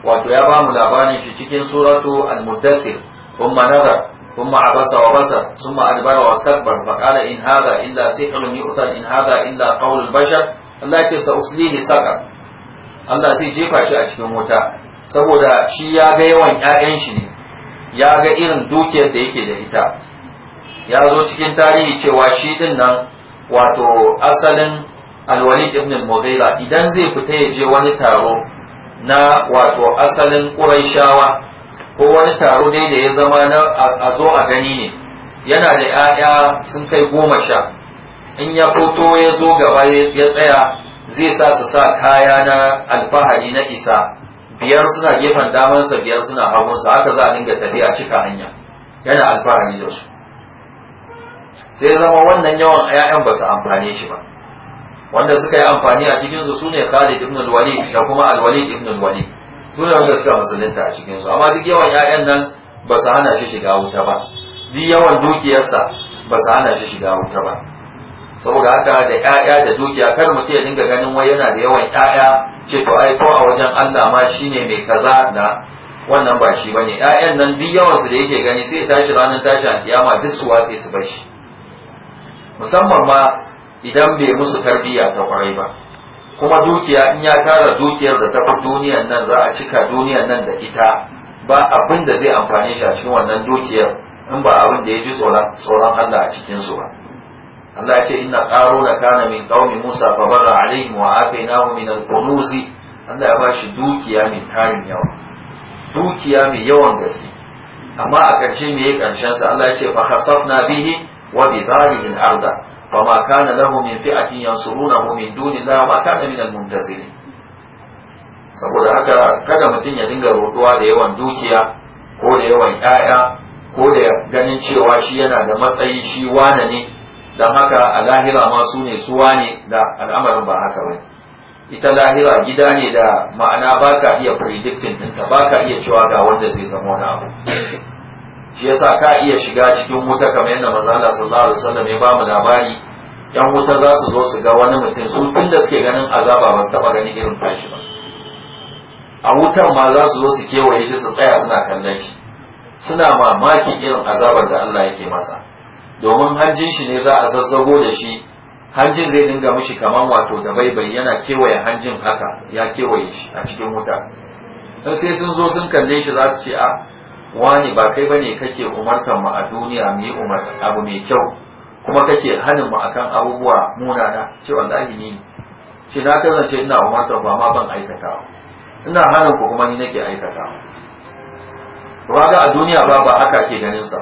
wato ya bamu labarin shi cikin suratu al-muddathir kuma nadar kuma abasa wa basa thumma adbara wa istakbar fa qala in hadha illa sihrun yu'tar in hadha illa qawl al-bashar Allah ya ce sa uslihi saqar Allah sai jefa shi a cikin wuta saboda shi ya ga yawan 'ya'yan shi ne ya ga irin dukiyar da yake da ita ya zo cikin tarihi cewa shi din nan wato asalin alwali ibn mughira idan zai fita ya je wani taro na wato asalin ƙuraishawa ko wani taro dai da ya zama na a zo a gani ne yana da 'ya'ya sun kai goma sha in ya foto ya zo gaba ya tsaya zai sa su sa kaya na alfahari na isa biyar suna gefen damansa biyar suna hagunsa haka za a dinga tafiya cika hanya yana alfahari da su sai zama wannan yawan 'ya'yan ba su amfane shi ba wanda suka yi amfani a cikinsu su ne khalid ibn al-walid da kuma al-walid ibn al-walid su ne wanda suka musulunta a cikinsu amma duk yawan 'ya'yan nan ba su hana shi shiga wuta ba duk yawan dukiyarsa ba su hana shi shiga wuta ba saboda haka da 'ya'ya da dukiya kar mutum ya dinga ganin wai yana da yawan 'ya'ya ce to ai ko a wajen Allah ma shine mai kaza da wannan ba shi bane 'ya'yan nan duk yawan su da yake gani sai ya tashi ranar tashi a kiyama duk su watse su bar shi musamman ma idan bai musu tarbiyya ta kwarai ba kuma dukiya in ya tara dukiyar da ta duniyar nan za a cika duniyar nan da ita ba abin da zai amfane shi a cikin wannan dukiyar in ba abin da ya ji tsoron Allah a cikin su ba Allah ya ce inna qaruna kana min qaumi Musa fa barra alaihim wa atainahu min al-kunuz Allah ya bashi dukiya mai tarin yawa dukiya mai yawan gaske amma a ƙarshe me ya ƙarshen sa Allah ya ce fa hasafna bihi وبظاهر الأرض فما كان له من فئة ينصرونه من دون الله ما كان من المنتصرين saboda haka kada mutum ya dinga roduwa da yawan dukiya ko da yawan 'ya'ya ko da ganin cewa shi yana da matsayi shi wane ne don haka a lahira ma su ne su wane da al'amarin ba haka ba ita lahira gida ne da ma'ana baka iya predicting ɗinka baka iya cewa ga wanda zai zama wani abu shi yasa ka iya shiga cikin wuta kamar yadda maza Allah sallallahu alaihi wasallam ya ba mu labari yan wuta za su zo su ga wani mutum su tun da suke ganin azaba ba su taba ganin irin tashi ba a wutan ma za su zo su kewaye shi su tsaya suna kallon shi suna mamakin irin azabar da Allah yake masa domin hanjin shi ne za a zazzago da shi hanjin zai dinga mishi kaman wato da baibai yana kewaye hanjin haka ya kewaye shi a cikin wuta sai sun zo sun kalle shi za su ce a ah, wani ba kai bane kake umartar mu a duniya mu yi umar abu mai kyau kuma kake hanin mu akan abubuwa munana ce wallahi ni shi na kasance ina umartar ba ma ban aikata ina hanin ku kuma ni nake aikata raga a duniya ba ba haka ke ganin sa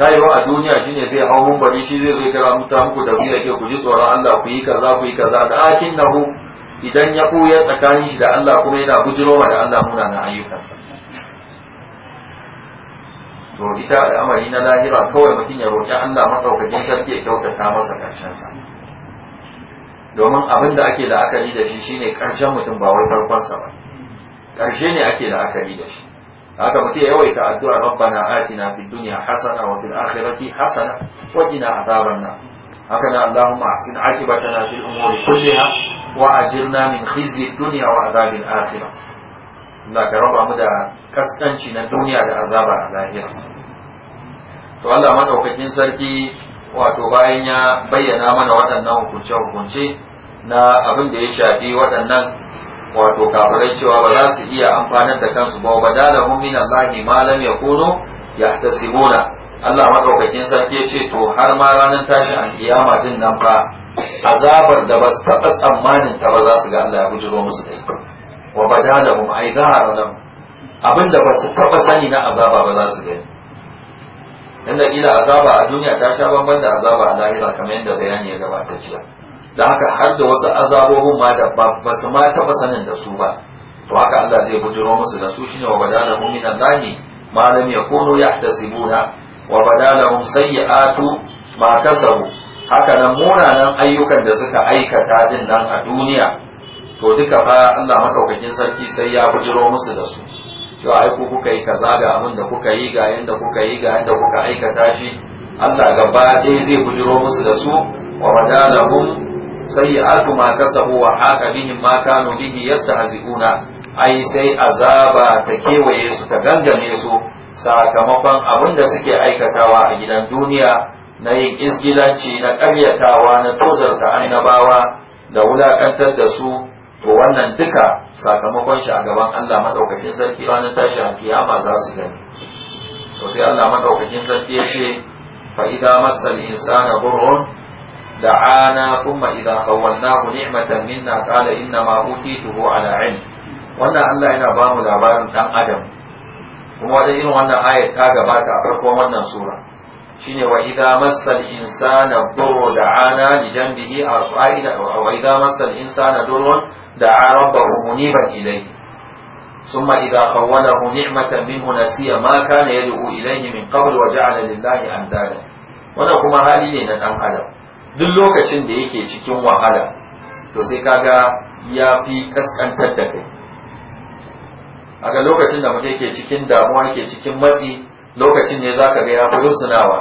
kayewa a duniya shine sai hau mumbari shi zai zai kira muta muku da zai ce ku ji tsoron Allah ku yi kaza ku yi kaza da akin nahu idan ya ya tsakanin shi da Allah kuma yana bujiro da Allah munanan ayyukansa to ita al'amari na lahira kawai mutum ya roƙi Allah maɗaukakin sarki ya kyautata masa ƙarshensa domin abin da ake la'akari da shi shine ƙarshen mutum ba wai farkonsa ba ƙarshe ne ake la'akari da shi haka mutum ya yawaita addu'a rabbana atina fid dunya hasana wa fil akhirati hasana wa qina adhaban nar haka na Allahumma ahsin aqibatana fil umuri kulliha wa ajirna min khizyi dunya wa adhabil akhirah Allah ka raba mu da kaskanci na duniya da azaba a su. to Allah madaukakin sarki wato bayan ya bayyana mana waɗannan hukunce-hukunce na abin da ya shafi waɗannan wato kafirai cewa ba za su iya amfanar da kansu ba ba dalahum min ya ma lam ta simona Allah madaukakin sarki ya ce to har ma ranar tashi an kiyama din nan fa azabar da ba su taɓa tsammanin ta ba za su ga Allah ya bujiro musu da yi. wa badalahum ay dhahara abinda ba su taba sani na azaba ba za su gani inda ila azaba a duniya ta sha bamban da azaba a lahira kamar yadda bayani ya gabata jiya da haka har da wasu azabobin ma da ba su ma taba sanin da su ba to haka Allah zai bujiro musu da su shine wa badala hum min Allah ma lam yakunu yahtasibuna wa badala hum sayyi'atu ma kasabu haka nan munanan ayyukan da suka aikata din nan a duniya to duka fa Allah makaukakin sarki sai ya bujiro musu da su cewa ai ku kuka yi kaza ga abin da kuka yi ga yanda kuka yi ga yanda kuka aikata shi Allah gaba ɗaya zai bujiro musu da su wa sai sayyi'atu ma kasabu wa haka bihim ma kanu bihi yastahzi'una ai sai azaba ta kewaye su ta gangame su sakamakon abin da suke aikatawa a gidan duniya na yin isgilanci, na ƙaryatawa na tozarta annabawa da wulakantar da su to wannan duka sakamakon shi a gaban Allah madaukakin sarki ranar tashi a kiyama za su gani to sai Allah madaukakin sarki ya ce fa idza masal insana bur'un da'ana kuma idza khawwalnahu ni'matan minna qala inna ma utituhu ala ilm wannan Allah yana ba mu labarin dan adam kuma wajen irin wannan ayat ta gabata a farkon wannan sura shine wa idza massal insana durru da'ana li janbihi arfa'ida wa idza massal insana durrun da'a rabbahu muniban ilayhi ثم إذا خوله نعمة منه نسي ما كان يدعو إليه من قبل وجعل لله أندادا wannan kuma hali ne na ɗan adam duk lokacin da yake cikin wahala to sai kaga ya fi kaskantar da kai a lokacin da mutum yake cikin damuwa yake cikin matsi lokacin ne zaka ga ya fi rusunawa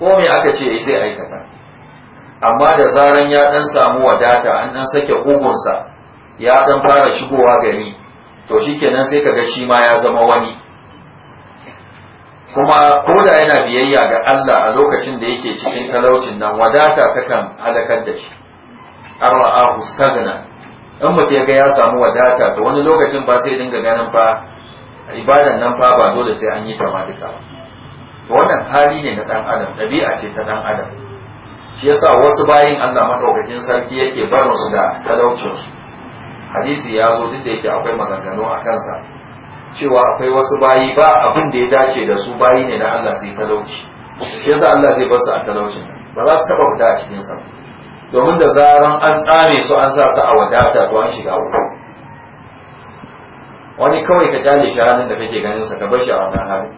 ko me aka ce zai aikata amma da zaran ya dan samu wadata an dan sake ugunsa ya dan fara shigowa gari to shikenan sai kaga shi ma ya zama wani kuma ko da yana biyayya ga Allah a lokacin da yake cikin talaucin nan wadata kan halakar da shi arwa a in mutum ya ga ya samu wadata to wani lokacin ba sai dinga ganin fa ibadan nan fa ba dole sai an yi ta ma duka to wannan hali ne na dan adam ɗabi'a ce ta dan adam shi yasa wasu bayin Allah madaukakin sarki yake bar musu da talaucin su hadisi ya zo duk da yake akwai maganganu a kansa cewa akwai wasu bayi ba abin da ya dace da su bayi ne na Allah sai talauci shi yasa Allah zai bar a talaucin ba za su taba fita a cikin sa domin da zaran an tsame su an sa su a wadata to an shiga uku wani kawai ka kyale shi halin da kake ganin sa ka bar shi a wannan halin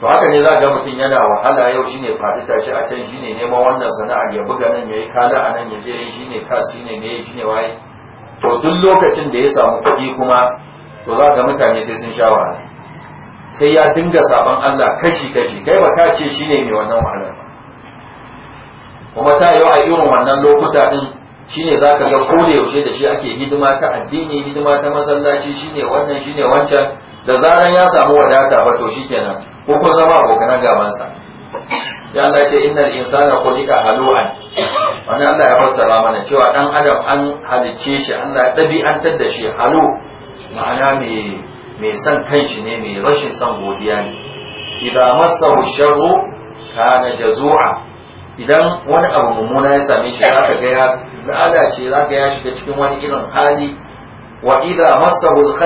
to haka ne za ga mutum yana wahala yau shine faɗi tashi a can shine neman wannan sana'ar ya buga nan yayi kala a nan ya je yayi shine kas shine ne shine waye to duk lokacin da ya samu kuɗi kuma to za ga mutane sai sun sha wahala sai ya dinga saban Allah kashi kashi kai ba ka ce shine mai wannan wahala kuma ta yau a irin wannan lokuta din shine zaka ga ko yaushe da shi ake hidima ta addini hidima ta masallaci shine wannan shine wancan da zaran ya samu wadata ba to shikenan ko ko zama abokan gaban sa ya Allah ce innal insana khuliqa halu'an wannan Allah ya fassara mana cewa dan adam an halicce shi Allah ya dabi'antar da shi halu ma'ana me me san kanshi ne me rashin san godiya ne idza massahu sharru kana jazu'a idan wani abu mummuna ya same shi zaka ga la'ala ce za ka ya shiga cikin wani irin hali wa masa massahu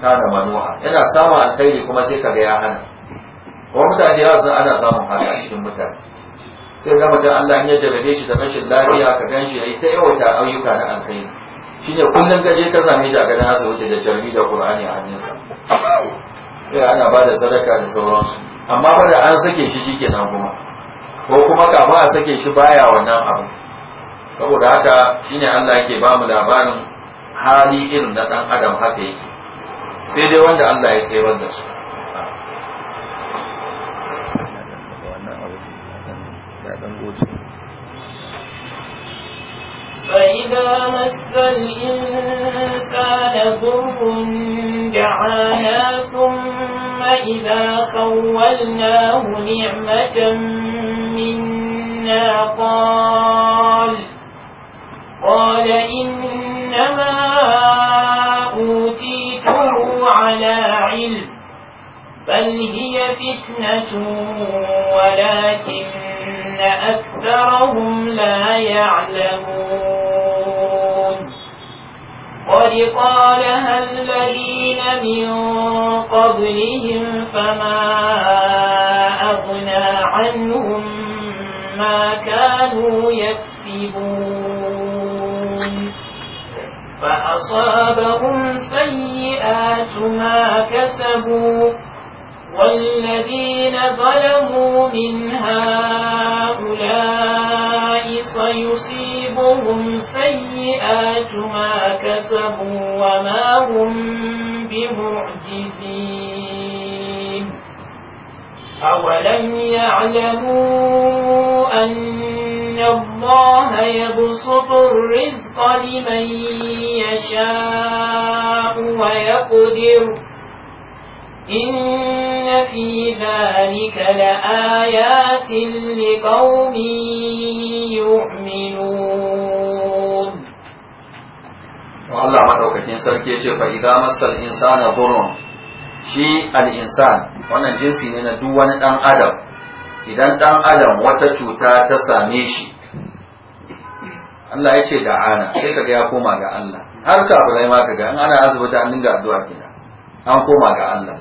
ta da manuwa yana samun alkhairi kuma sai ka ya hana Kuma mutane ya san ana samun haka a cikin mutane sai ga mutum Allah ya jarabe shi da rashin lafiya ka ganshi shi ta yawata ayyuka na alkhairi ne kullum ka je ka same shi a gadan asibiti da jarmi da Qur'ani a hannunsa sai eh, ana ba da sadaka da sauransu amma ba da an sake shi nan kuma ko kuma kafin a sake shi baya wannan abu saboda haka shine Allah yake ba mu labarin hali irin na dan adam haka yake sai dai wanda Allah ya sai da su فإذا مس الإنسان ضر دعانا ثم إذا خولناه نعمة منا قال قال إنما أوتيته على علم بل هي فتنة ولكن أكثرهم لا يعلمون قد قالها الذين من قبلهم فما أغنى عنهم ما كانوا يكسبون فأصابهم سيئات ما كسبوا والذين ظلموا من هؤلاء سيصيبهم سيئات ما كسبوا وما هم بمعجزين أولم يعلموا أن الله يبسط الرزق لمن يشاء ويقدر إن في ذلك لآيات لقوم يؤمنون والله ما دوكتين سركيشي فإذا مس الإنسان ضر shi al'insan wannan jinsi ne na duk wani ɗan adam idan ɗan adam wata cuta ta same shi Allah ya ce da'ana sai kaga ya koma ga Allah har ka kafirai ma kaga in ana asibiti an dinga addu'a kenan an koma ga Allah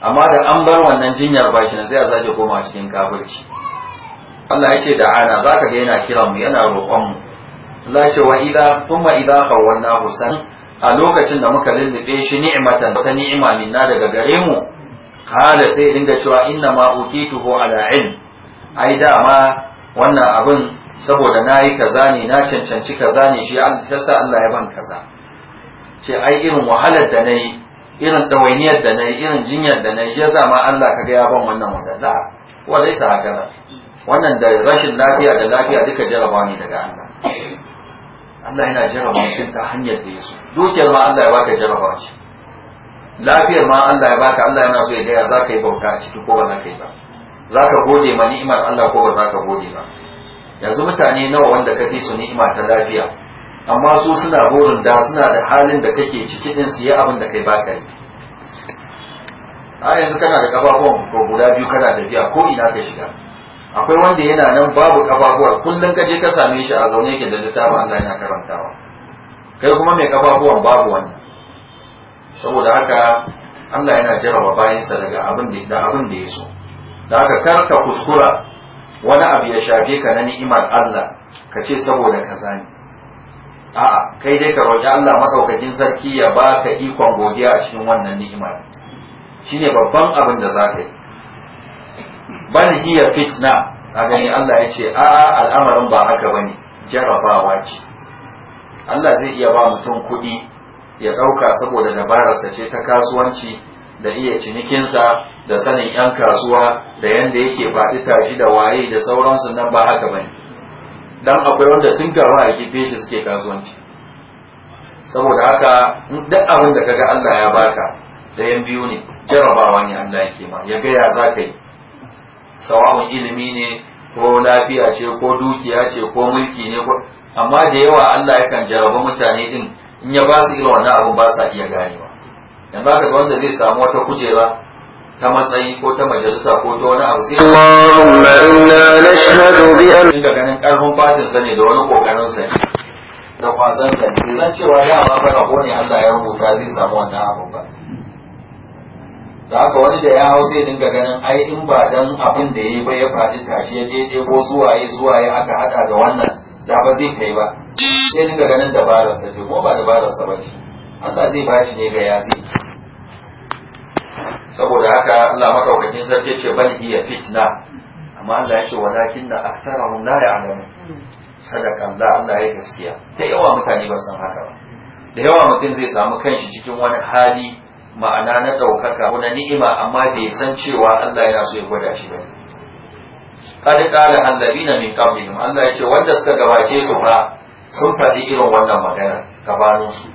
amma da an bar wannan jinyar bashi na sai a sake koma cikin kafirci Allah ya ce da'ana zaka ga yana kiran mu yana roƙon mu Allah ya ce wa idza thumma idza khawwanna husan a lokacin da muka lullube shi ni'matan ta ni'ima minna daga gare mu kala sai dinga cewa inna ma utituhu ala ilm ai dama wannan abin saboda na yi kaza ne na cancanci kaza ne shi yasa Allah ya ban kaza ce ai irin wahalar da na yi irin ɗawainiyar da na yi irin jinyar da na yi shi ma Allah kaga ya ban wannan wanda ko wa dai sa haka wannan da rashin lafiya da lafiya duka jaraba ne daga Allah Allah yana jaraba shi ta hanyar da ya so dukiyar ma Allah ya baka jaraba shi lafiyar ma Allah ya baka Allah yana so ya gaya za ka yi bauta a ciki ko ba za ka yi ba za ka gode ma ni'imar Allah ko ba za ka gode ba yanzu mutane nawa wanda ka fi su ni'ima ta lafiya amma su suna burin da suna da halin da kake ciki din su yi abin da kai baka yi a yanzu kana da kafafuwan ko guda biyu kana da biya ko ina ka shiga akwai wanda yana nan babu kafafuwa kullum ka je ka same shi a zaune yake da littafin Allah yana karantawa kai kuma mai kafafuwan babu wannan saboda haka Allah yana jarraba bayansa daga abin da abin da ya so da haka karka kuskura wani abu ya shafe ka na ni'imar Allah ka ce saboda ka ne a'a kai dai ka roƙi Allah maɗaukacin sarki ya ba ka ikon godiya a cikin wannan ni'imar shine babban abin da za ka yi bal hiya fitna a gani Allah ya ce a'a al'amarin ba haka ba ne, jarabawa ce Allah zai iya ba mutum kuɗi ya ɗauka saboda dabararsa ce ta kasuwanci da iya cinikinsa da sanin 'yan kasuwa da yadda yake faɗi tashi da waye da sauransu nan ba haka bane dan akwai wanda tun gaba a kife shi suke kasuwanci saboda haka duk abin da kaga Allah ya baka yan biyu ne jarabawa ne Allah yake ma ya gaya za ka yi sawa'un ilimi ne ko lafiya ce ko dukiya ce ko mulki ne amma da yawa Allah yakan jaraba mutane din in ya ba su irin wannan abin ba sa iya ganewa dan ba ga wanda zai samu wata kujera ta matsayi ko ta majalisa ko ta wani abu sai Allahumma inna nashhadu bi an inda ganin karfin fatin sa ne da wani kokarin sa da kwazon sa ne zan cewa da ba ba ko ne Allah ya rubuta zai samu wannan abu ba da haka wani da ya hau sai dinga ganin ai in ba dan abin da yayi ba ya faɗi tashi ya je ko suwaye suwaye aka haɗa da wannan da ba zai kai ba sai dinga ganin dabararsa ce ko ba dabararsa ba ce Allah zai shi ne ga yasi saboda haka Allah makaukakin sarki ce bal hiya fitna amma Allah ya ce walakin na aktarahum la ya'lamu sadaka Allah Allah ya gaskiya da yawa mutane ba san haka ba da yawa mutum zai samu kanshi cikin wani hali ma'ana na ɗaukaka wani ni'ima amma bai san cewa Allah yana so ya gwada shi ba kada kala allabina min qablihim Allah ya ce wanda suka gabace su fa sun faɗi irin wannan magana su.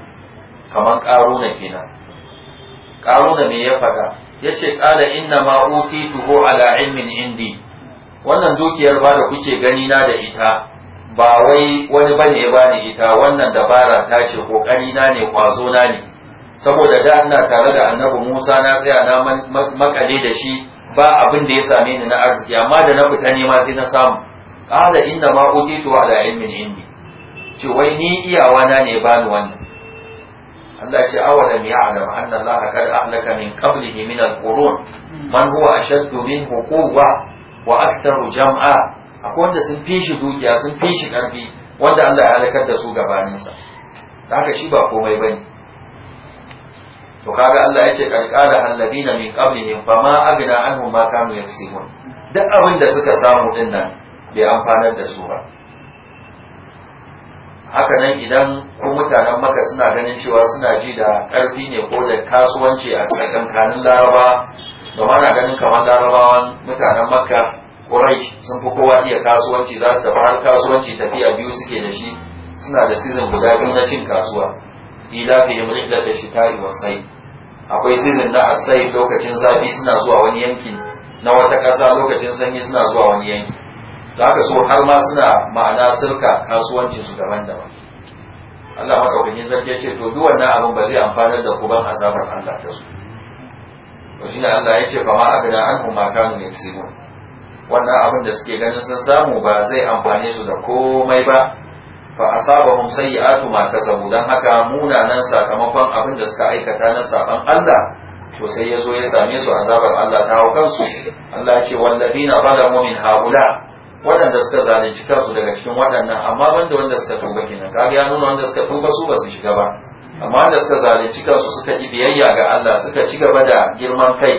kamar ƙaruna kenan ƙaruna me ya faɗa Ya ce, ƙala inna ma tuho ala ilmin indi wannan dukiyar ba da kuke gani na da ita ba wai wani bane ya bani ita wannan dabara ta ce kokari na ne kwazo na ne saboda da ina tare da annabi Musa na tsaya na makale da shi ba abin da ya same ni na arziki amma da na fita nema sai na samu ƙala inna ma tuho ala ilmin indi ce wai ni iyawa na ne bani wannan Allah ya ce awalam ya'lam anna Allah kad ahlaka min qablihi min al-qurun man huwa ashaddu min quwwa wa aktharu jam'a akwai wanda sun fi dukiya sun fi shi karfi wanda Allah ya halakar da su gabanin sa. da haka shi ba komai bane to kaga Allah ya ce qalqala alladina min qablihim fama agna anhum ma kanu yaksibun duk abin da suka samu din bai amfanar da su ba haka nan idan ko mutanen maka suna ganin cewa suna ji da ƙarfi ne ko da kasuwanci a tsakankanin laraba da mana ganin kamar larabawan mutanen makka ƙurai sun fi kowa iya kasuwanci za su tafi har kasuwanci tafiya biyu suke da shi suna da sizin guda biyu na cin kasuwa ila fi yamri da ta shita'i wasai akwai sizin na asai lokacin zafi suna zuwa wani yanki na wata ƙasa lokacin sanyi suna zuwa wani yanki za ka so har ma suna ma'ana sirka kasuwancinsu daban-daban Allah maɗaukakin sarki ce to duk wannan abin ba zai amfanar da ku ban azabar Allah ta su to ne Allah ya ce fa ma agada an kuma kanu yaksibun wannan abin da suke ganin sun samu ba zai amfane su da komai ba fa asabahum sayyi'atu ma kasabu dan haka munanan sakamakon abin da suka aikata na saban Allah to sai zo ya same su azabar Allah ta hau kansu Allah ya ce walladina zalamu min haula waɗanda suka zalunci kansu daga cikin waɗannan amma banda wanda suka tuba kenan kaga ya nuna wanda suka tuba su ba su shiga ba amma wanda suka zalunci kansu suka yi biyayya ga Allah suka ci gaba da girman kai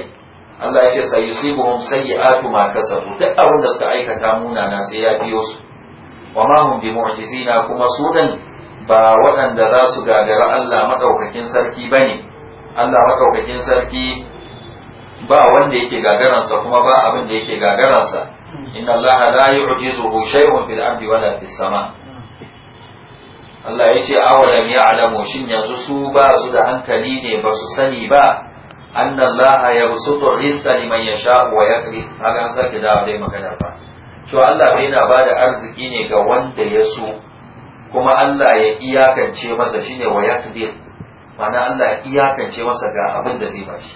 Allah ya ce sayusibuhum sayyi'atu ma kasabu duk abin da suka aikata munana sai ya biyo su wa ma hum mu'jizina kuma su din ba waɗanda za su gagara Allah madaukakin sarki bane Allah madaukakin sarki ba wanda yake gagaransa kuma ba abin da yake gagaransa inna allaha la yu'jizuhu shay'un fil ardi wala fis sama Allah ya ce awalam ya'lamu shin yanzu su ba su da hankali ne ba su sani ba anna allaha yabsutu rizqa liman yasha'u wa yaqdir kaga an sake dawo dai magana ba to Allah bai na bada arziki ne ga wanda ya so kuma Allah ya iyakance masa shine wa yaqdir ma'ana Allah ya iyakance masa ga abin da zai bashi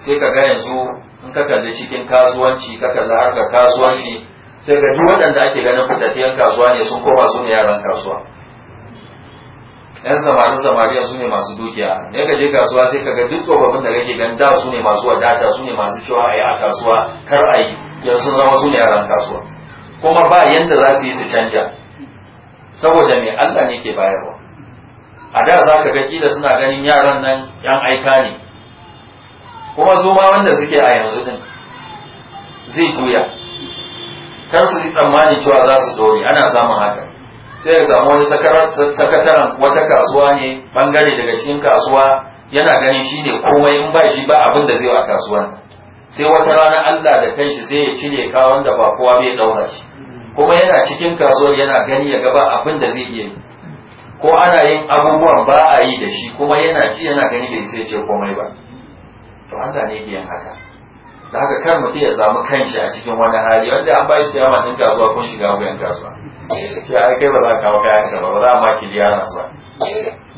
sai ka ga yanzu in ka kalli cikin kasuwanci ka kalli harkar kasuwanci sai ga duk waɗanda ake ganin fitattiyan kasuwa ne sun koma su ne yaran kasuwa yan samarin samariya su ne masu dukiya ne ka je kasuwa sai ka ga duk tsofaffin da kake ganin da su ne masu wadata su ne masu cewa a yi a kasuwa kar a yi yanzu zama su ne yaran kasuwa kuma ba yanda za su yi su canja saboda me allah ne ke bayarwa a da za ka ga kila suna ganin yaran nan yan aika ne kuma su ma wanda suke a yanzu din zai juya kan su tsammani cewa za su dore ana samun haka sai ya samu wani sakataren wata kasuwa ne bangare daga cikin kasuwa yana ganin shi ne komai in ba shi ba abin da zai a kasuwan sai wata rana Allah da kanshi sai ya cire kawon da ba kowa bai daura shi kuma yana cikin kasuwar yana gani ya gaba abin da zai iya yi ko ana yin abubuwan ba a yi da shi kuma yana ci yana gani bai sai ce komai ba to Allah ne biyan haka da haka kar mutum ya samu kanshi a cikin wani hali wanda an bashi siyama tun kasuwa kun shiga wuyan kasuwa Sai ai kai ba za ka kawo kayan ka ba ba za a maki liyaran su ba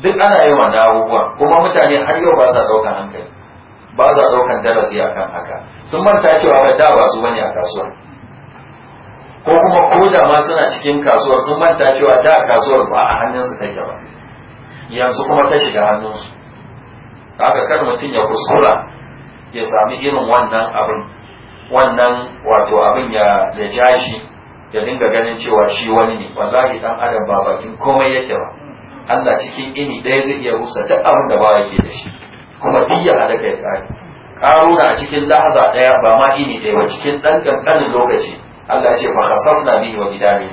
duk ana yin wannan abubuwan kuma mutane har yau ba sa ɗaukan hankali ba sa ɗaukan darasi akan haka sun manta cewa da ba su bane a kasuwa ko kuma ko da ma suna cikin kasuwar sun manta cewa da kasuwar ba a hannunsu take ba yanzu kuma ta shiga hannunsu haka kar mutum ya kuskura ya sami irin wannan abin wannan wato abin ya ya jashi ya dinga ganin cewa shi wani ne wallahi dan adam ba bakin komai yake ba Allah cikin ini ɗaya zai iya rusa duk abin da ba yake da shi kuma duk ya halaka ya kare karo a cikin lahaza ɗaya ba ma ini ɗaya ba cikin ɗan ƙanƙanin lokaci Allah ya ce fa khasafna bihi wa bidani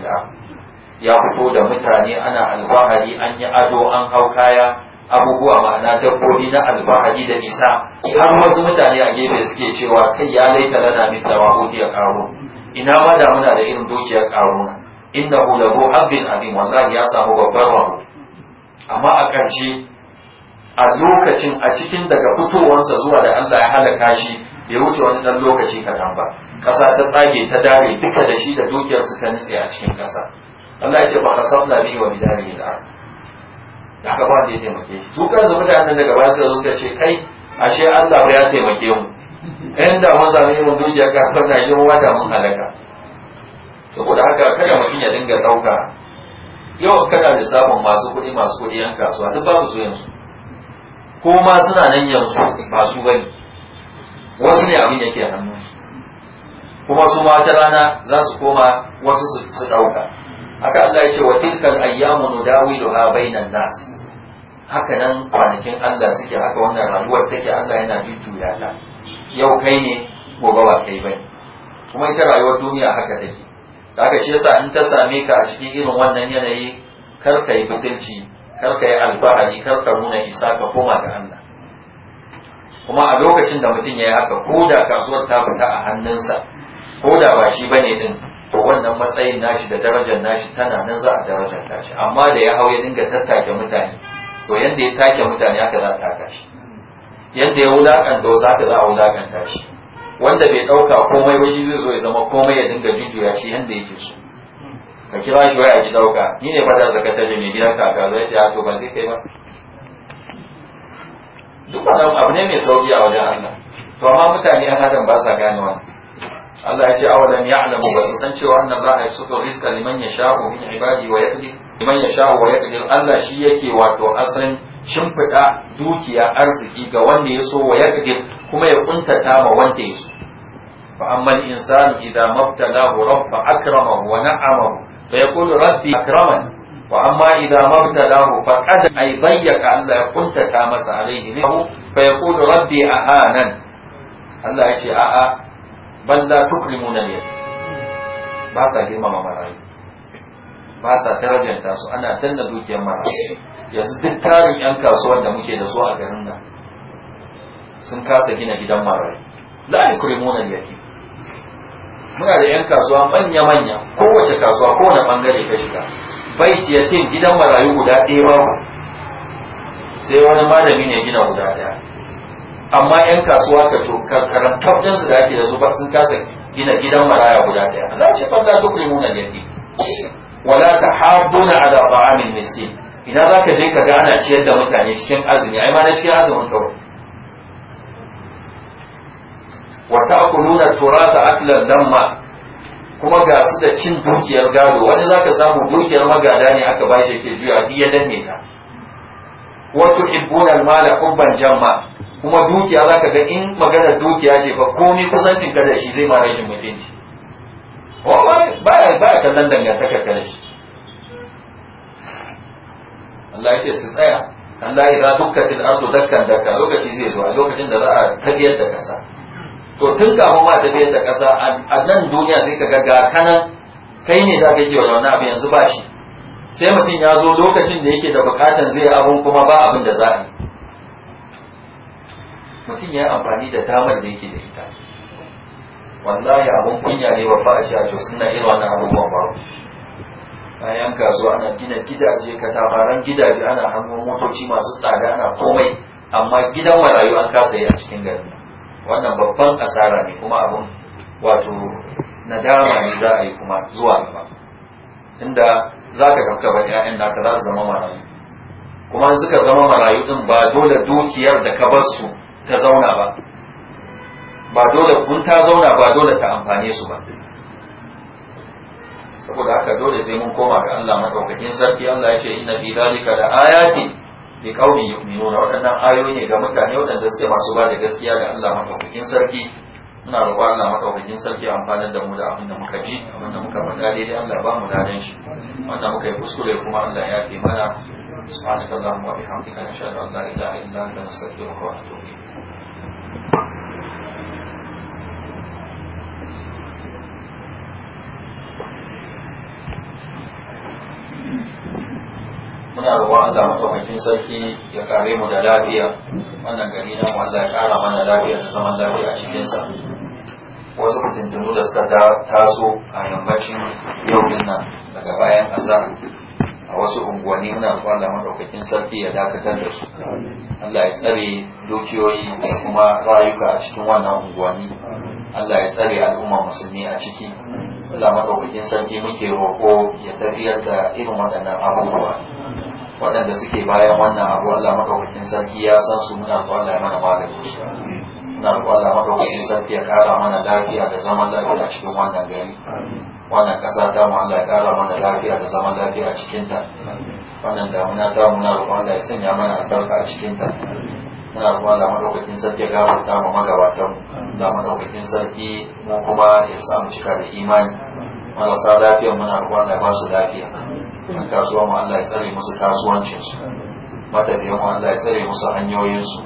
ya fito da mutane ana alfahari an yi ado an hau kaya abubuwa ma'ana dabbobi na alfahari da nisa har wasu mutane a gefe suke cewa kai ya laita lana min da wahudi karo ina ma da muna da irin dukiyar karo innahu lahu abin abin wallahi ya samu babbar rabo amma a ƙarshe a lokacin a cikin daga fitowarsa zuwa da Allah ya halaka shi ya wuce wani ɗan lokaci kaɗan ba ƙasa ta tsage ta dare duka da shi da dukiyar su ta nutse a cikin ƙasa Allah ya ce ba ka kasafna bihi wa bidani da haka ba wanda ya taimake shi su kansu mutanen daga ba suka zo suka ce kai ashe Allah ba ya taimake mu ɗayan da mun samu irin dukiya ka kan na shi wata mun halaka saboda haka kada mutum ya dinga ɗauka yawan kada lissafin masu kuɗi masu kuɗi yan kasuwa duk babu su yanzu ko ma suna nan yanzu ba su bane wasu ne abin yake hannunsu kuma su ma ta rana za su koma wasu su ɗauka haka Allah ya ce wa tilkal ayyamu nudawiluha bainan nas haka nan kwanakin Allah suke haka wannan rayuwar take Allah yana jujjuya ta yau kai ne gobe ba kai bane kuma ita rayuwar duniya haka take haka shi yasa in ta same ka a cikin irin wannan yanayi kar ka yi butulci kar ka yi alfahari kar ka nuna isa ka koma ga Allah kuma a lokacin da mutum ya yi haka ko da kasuwar ta fita a hannunsa ko da ba shi bane din to wannan matsayin nashi da darajar nashi tana nan za a darajar tashi amma da ya hau ya dinga tattake mutane to yanda ya take mutane aka za a taka shi yanda ya wulakanta wasu aka za a wulakanta shi wanda bai ɗauka komai ba shi zai zo ya zama komai ya dinga jujjuya shi yanda yake so ka kira shi waya ki ɗauka ni ne fata sakatare mai gidan kaka zai ce ah, to ba zai kai ba duk wannan abu ne mai sauki a wajen Allah to amma mutane a hadan ba sa gane wani Allah ya ce ya alamu ba su san cewa a yi yabsutu riska liman ya yasha'u min ibadi wa yaqdir liman ya yasha'u wa yaqdir Allah shi yake wato asan shimfida dukiya arziki ga wanda ya so wa yaqdir kuma ya kuntata ma wanda ya so fa amma al idan mabtala hu rabba akrama wa na'amahu fa yaqulu rabbi akraman wa amma idan mabtala hu fa qad Ai bayyaka Allah ya kuntata masa alaihi fa yaqulu rabbi ahanan Allah ya ce a'a balla tukrimuna ne ba sa girmama marayu ba sa darajanta su ana danna dukiyar marayu yanzu duk tarin yan kasuwar da muke da su a garin nan sun kasa gina gidan marayu la yukrimuna yatim muna da yan kasuwa manya manya kowace kasuwa kowane bangare ka shiga baiti yatim gidan marayu guda ɗaya babu sai wani malami ne gina guda ɗaya amma yan kasuwa ka karantar ɗinsu da ake da su sun kasa gina gidan maraya guda ɗaya Allah ce falla duk limuna ne ne wala ta habuna ala ta'amin miskin ina za ka je ka ga ana ciyar da mutane cikin azumi ai ma na cikin azumin kawai wa ta'kuluna turata aklan damma kuma ga su da cin dukiyar gado wani za ka samu dukiyar magada ne aka bashi shi ke juya duk ya danne ta wato al mala hubban jamma kuma dukiya za ka ga in maganar dukiya ce ba komai kusancin ka da shi zai ma rashin mutunci baya kallon dangantakar ka da shi Allah yake su tsaya Allah ya ra dukkan fil ardu dakkan dakka lokaci zai zo a lokacin da za a tafiyar da kasa to tun kafin ma tafiyar da kasa a nan duniya sai ka ga ga kanan kai ne za ka yi wa wannan abu yanzu ba shi sai mutum ya zo lokacin da yake da bukatan zai abun kuma ba abin da za a yi mutum ya yi amfani da damar da yake da ita wallahi abun kunya ne babba a ce a jos suna irin wani abubuwan ba. bayan kasuwa ana gina gidaje katafaran gidaje ana hannun motoci masu tsada ana komai amma gidan marayu an kasa yi a cikin gani. wannan babban asara ne kuma abun wato nadama ne za a yi kuma zuwa gaba inda za ka kafka ba 'ya'yan naka za su zama marayu kuma suka zama marayu din ba dole dukiyar da ka bar su ta zauna ba ba dole kun ta zauna ba dole ta amfane su ba saboda haka dole sai mun koma ga Allah madaukakin sarki Allah ya ce inna fi zalika la ayati li qaumin yu'minuna waɗannan ayoyi ne ga mutane waɗanda suke masu bada gaskiya ga Allah madaukakin sarki muna roƙon Allah madaukakin sarki amfana da mu da abin da muka ji abin da muka faɗa daidai Allah ba mu dadan shi wanda muka yi kuskure kuma Allah ya fi mana subhanakallahumma wa bihamdika nashhadu an la ilaha illa anta nastaghfiruka wa atubu ilayk muna roƙon Allah madaukakin sarki ya kare mu da lafiya wannan gari na Allah ya kara mana lafiya da zaman lafiya a cikin wasu mutuntunu da suka taso a yammacin yau din nan daga bayan azar a wasu unguwanni muna roƙon Allah madaukakin sarki ya dakatar da su Allah ya tsare dukiyoyi da kuma rayuka a cikin wannan unguwanni Allah ya tsare al'umma musulmi a ciki Allah madaukakin sarki muke roƙo ya tafiyar da irin waɗannan abubuwa waɗanda suke bayan wannan abu Allah madaukakin sarki ya san su muna roƙon Allah mana magani su muna roƙon Allah madaukakin sarki ya ƙara mana lafiya da zaman lafiya cikin wannan gari wannan ƙasa ta mu Allah ya ƙara mana lafiya da zaman lafiya cikin ta wannan damuna ta muna roƙon Allah ya sanya mana albarka a cikin ta muna roƙon Allah madaukakin sarki ya gafarta mu magabatan mu Allah madaukakin sarki mu kuma ya samu cika da imani marasa lafiya muna roƙon Allah ya ba su lafiya yan kasuwa ma Allah ya tsare musu kasuwancinsu matafiyan ma Allah ya tsare musu hanyoyinsu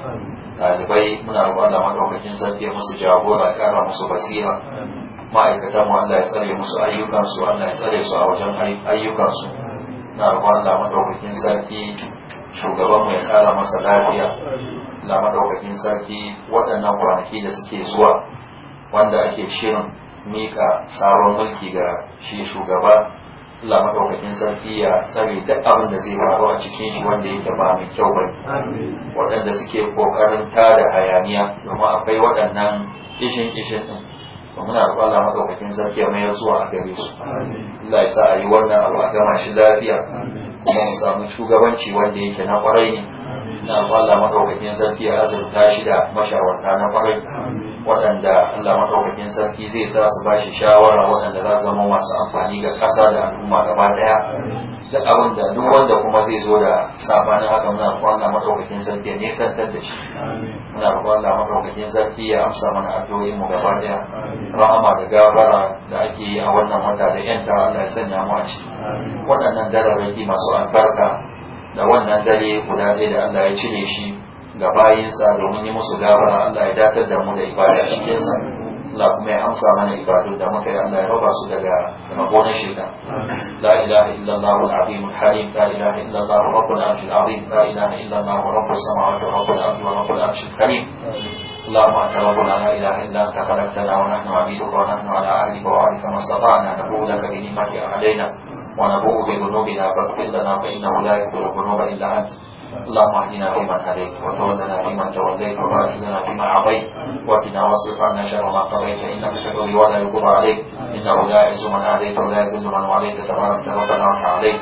ɗalibai muna roƙon da maɗaukakin sarki ya musu jagora ƙara musu basira ma'aikatan mu Allah ya tsare musu ayyukansu Allah ya tsare su a wajen ayyukansu na roƙon da maɗaukakin sarki shugaban mu ya ƙara masa lafiya da maɗaukakin sarki waɗannan kwanaki da suke zuwa wanda ake shirin mika tsaron mulki ga shi shugaba Allah sarki ya tsare duk abin da zai faru a cikin shi wanda yake ba mai kyau ba waɗanda suke kokarin tada hayaniya domin akwai waɗannan ishin ishin din to muna roƙon Allah madaukakin sarki ya mayar zuwa a gare su Allah ya sa a yi wannan abu a gama shi lafiya kuma mu samu shugabanci wanda yake na ƙwarai ne na Allah maɗaukakin sarki ya azurta shi da mashawarta na ƙwarai. waɗanda Allah maɗaukakin sarki zai sa su bashi shawara waɗanda za zama masu amfani ga ƙasa da al'umma gaba ɗaya duk abin da duk wanda kuma zai zo da sabanin haka muna roƙon Allah maɗaukakin sarki ne nisantar da shi muna roƙon Allah maɗaukakin sarki ya amsa mana addu'o'in mu gaba ɗaya rahama da gabara da ake yi a wannan wata da yanta Allah ya sanya mu a ciki waɗannan dararraki masu albarka da wannan dare guda ɗaya da Allah ya cire shi gabayinsa domin yi musu gafara Allah ya dakar da mu da ibada cikin sa Allah kuma ya amsa mana ibadu da muka yi Allah ya roba su daga makonan shirka la ilaha illallah wal azim al halim la ilaha illallah rabbul arshil azim la ilaha illallah rabbus samawati wa rabbul ardi wa rabbul arshil karim اللهم انت ربنا لا اله الا انت خلقتنا ونحن عبيدك ونحن على عهدك ووعدك ما استطعنا نبوء لك بنعمتك علينا ونبوء بذنوبنا فاغفر لنا فانه لا يغفر الذنوب الا انت اللهم اهدنا فيمن هديت وتولنا فيمن توليت وبارك فيما اعطيت وقنا واصرف عنا شر ما قضيت انك تقضي ولا يقضى عليك انه لا يعز من عليك ولا يذل من وليت تبارك وتعالى عليك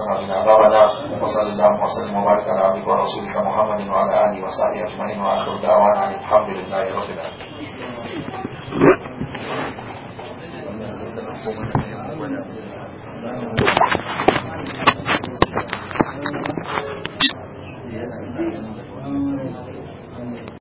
سمعنا ربنا وصلى اللهم وسلم وبارك على عبدك ورسولك محمد وعلى آله وصحبه أجمعين وآخر دعوانا عن الحمد لله رب العالمين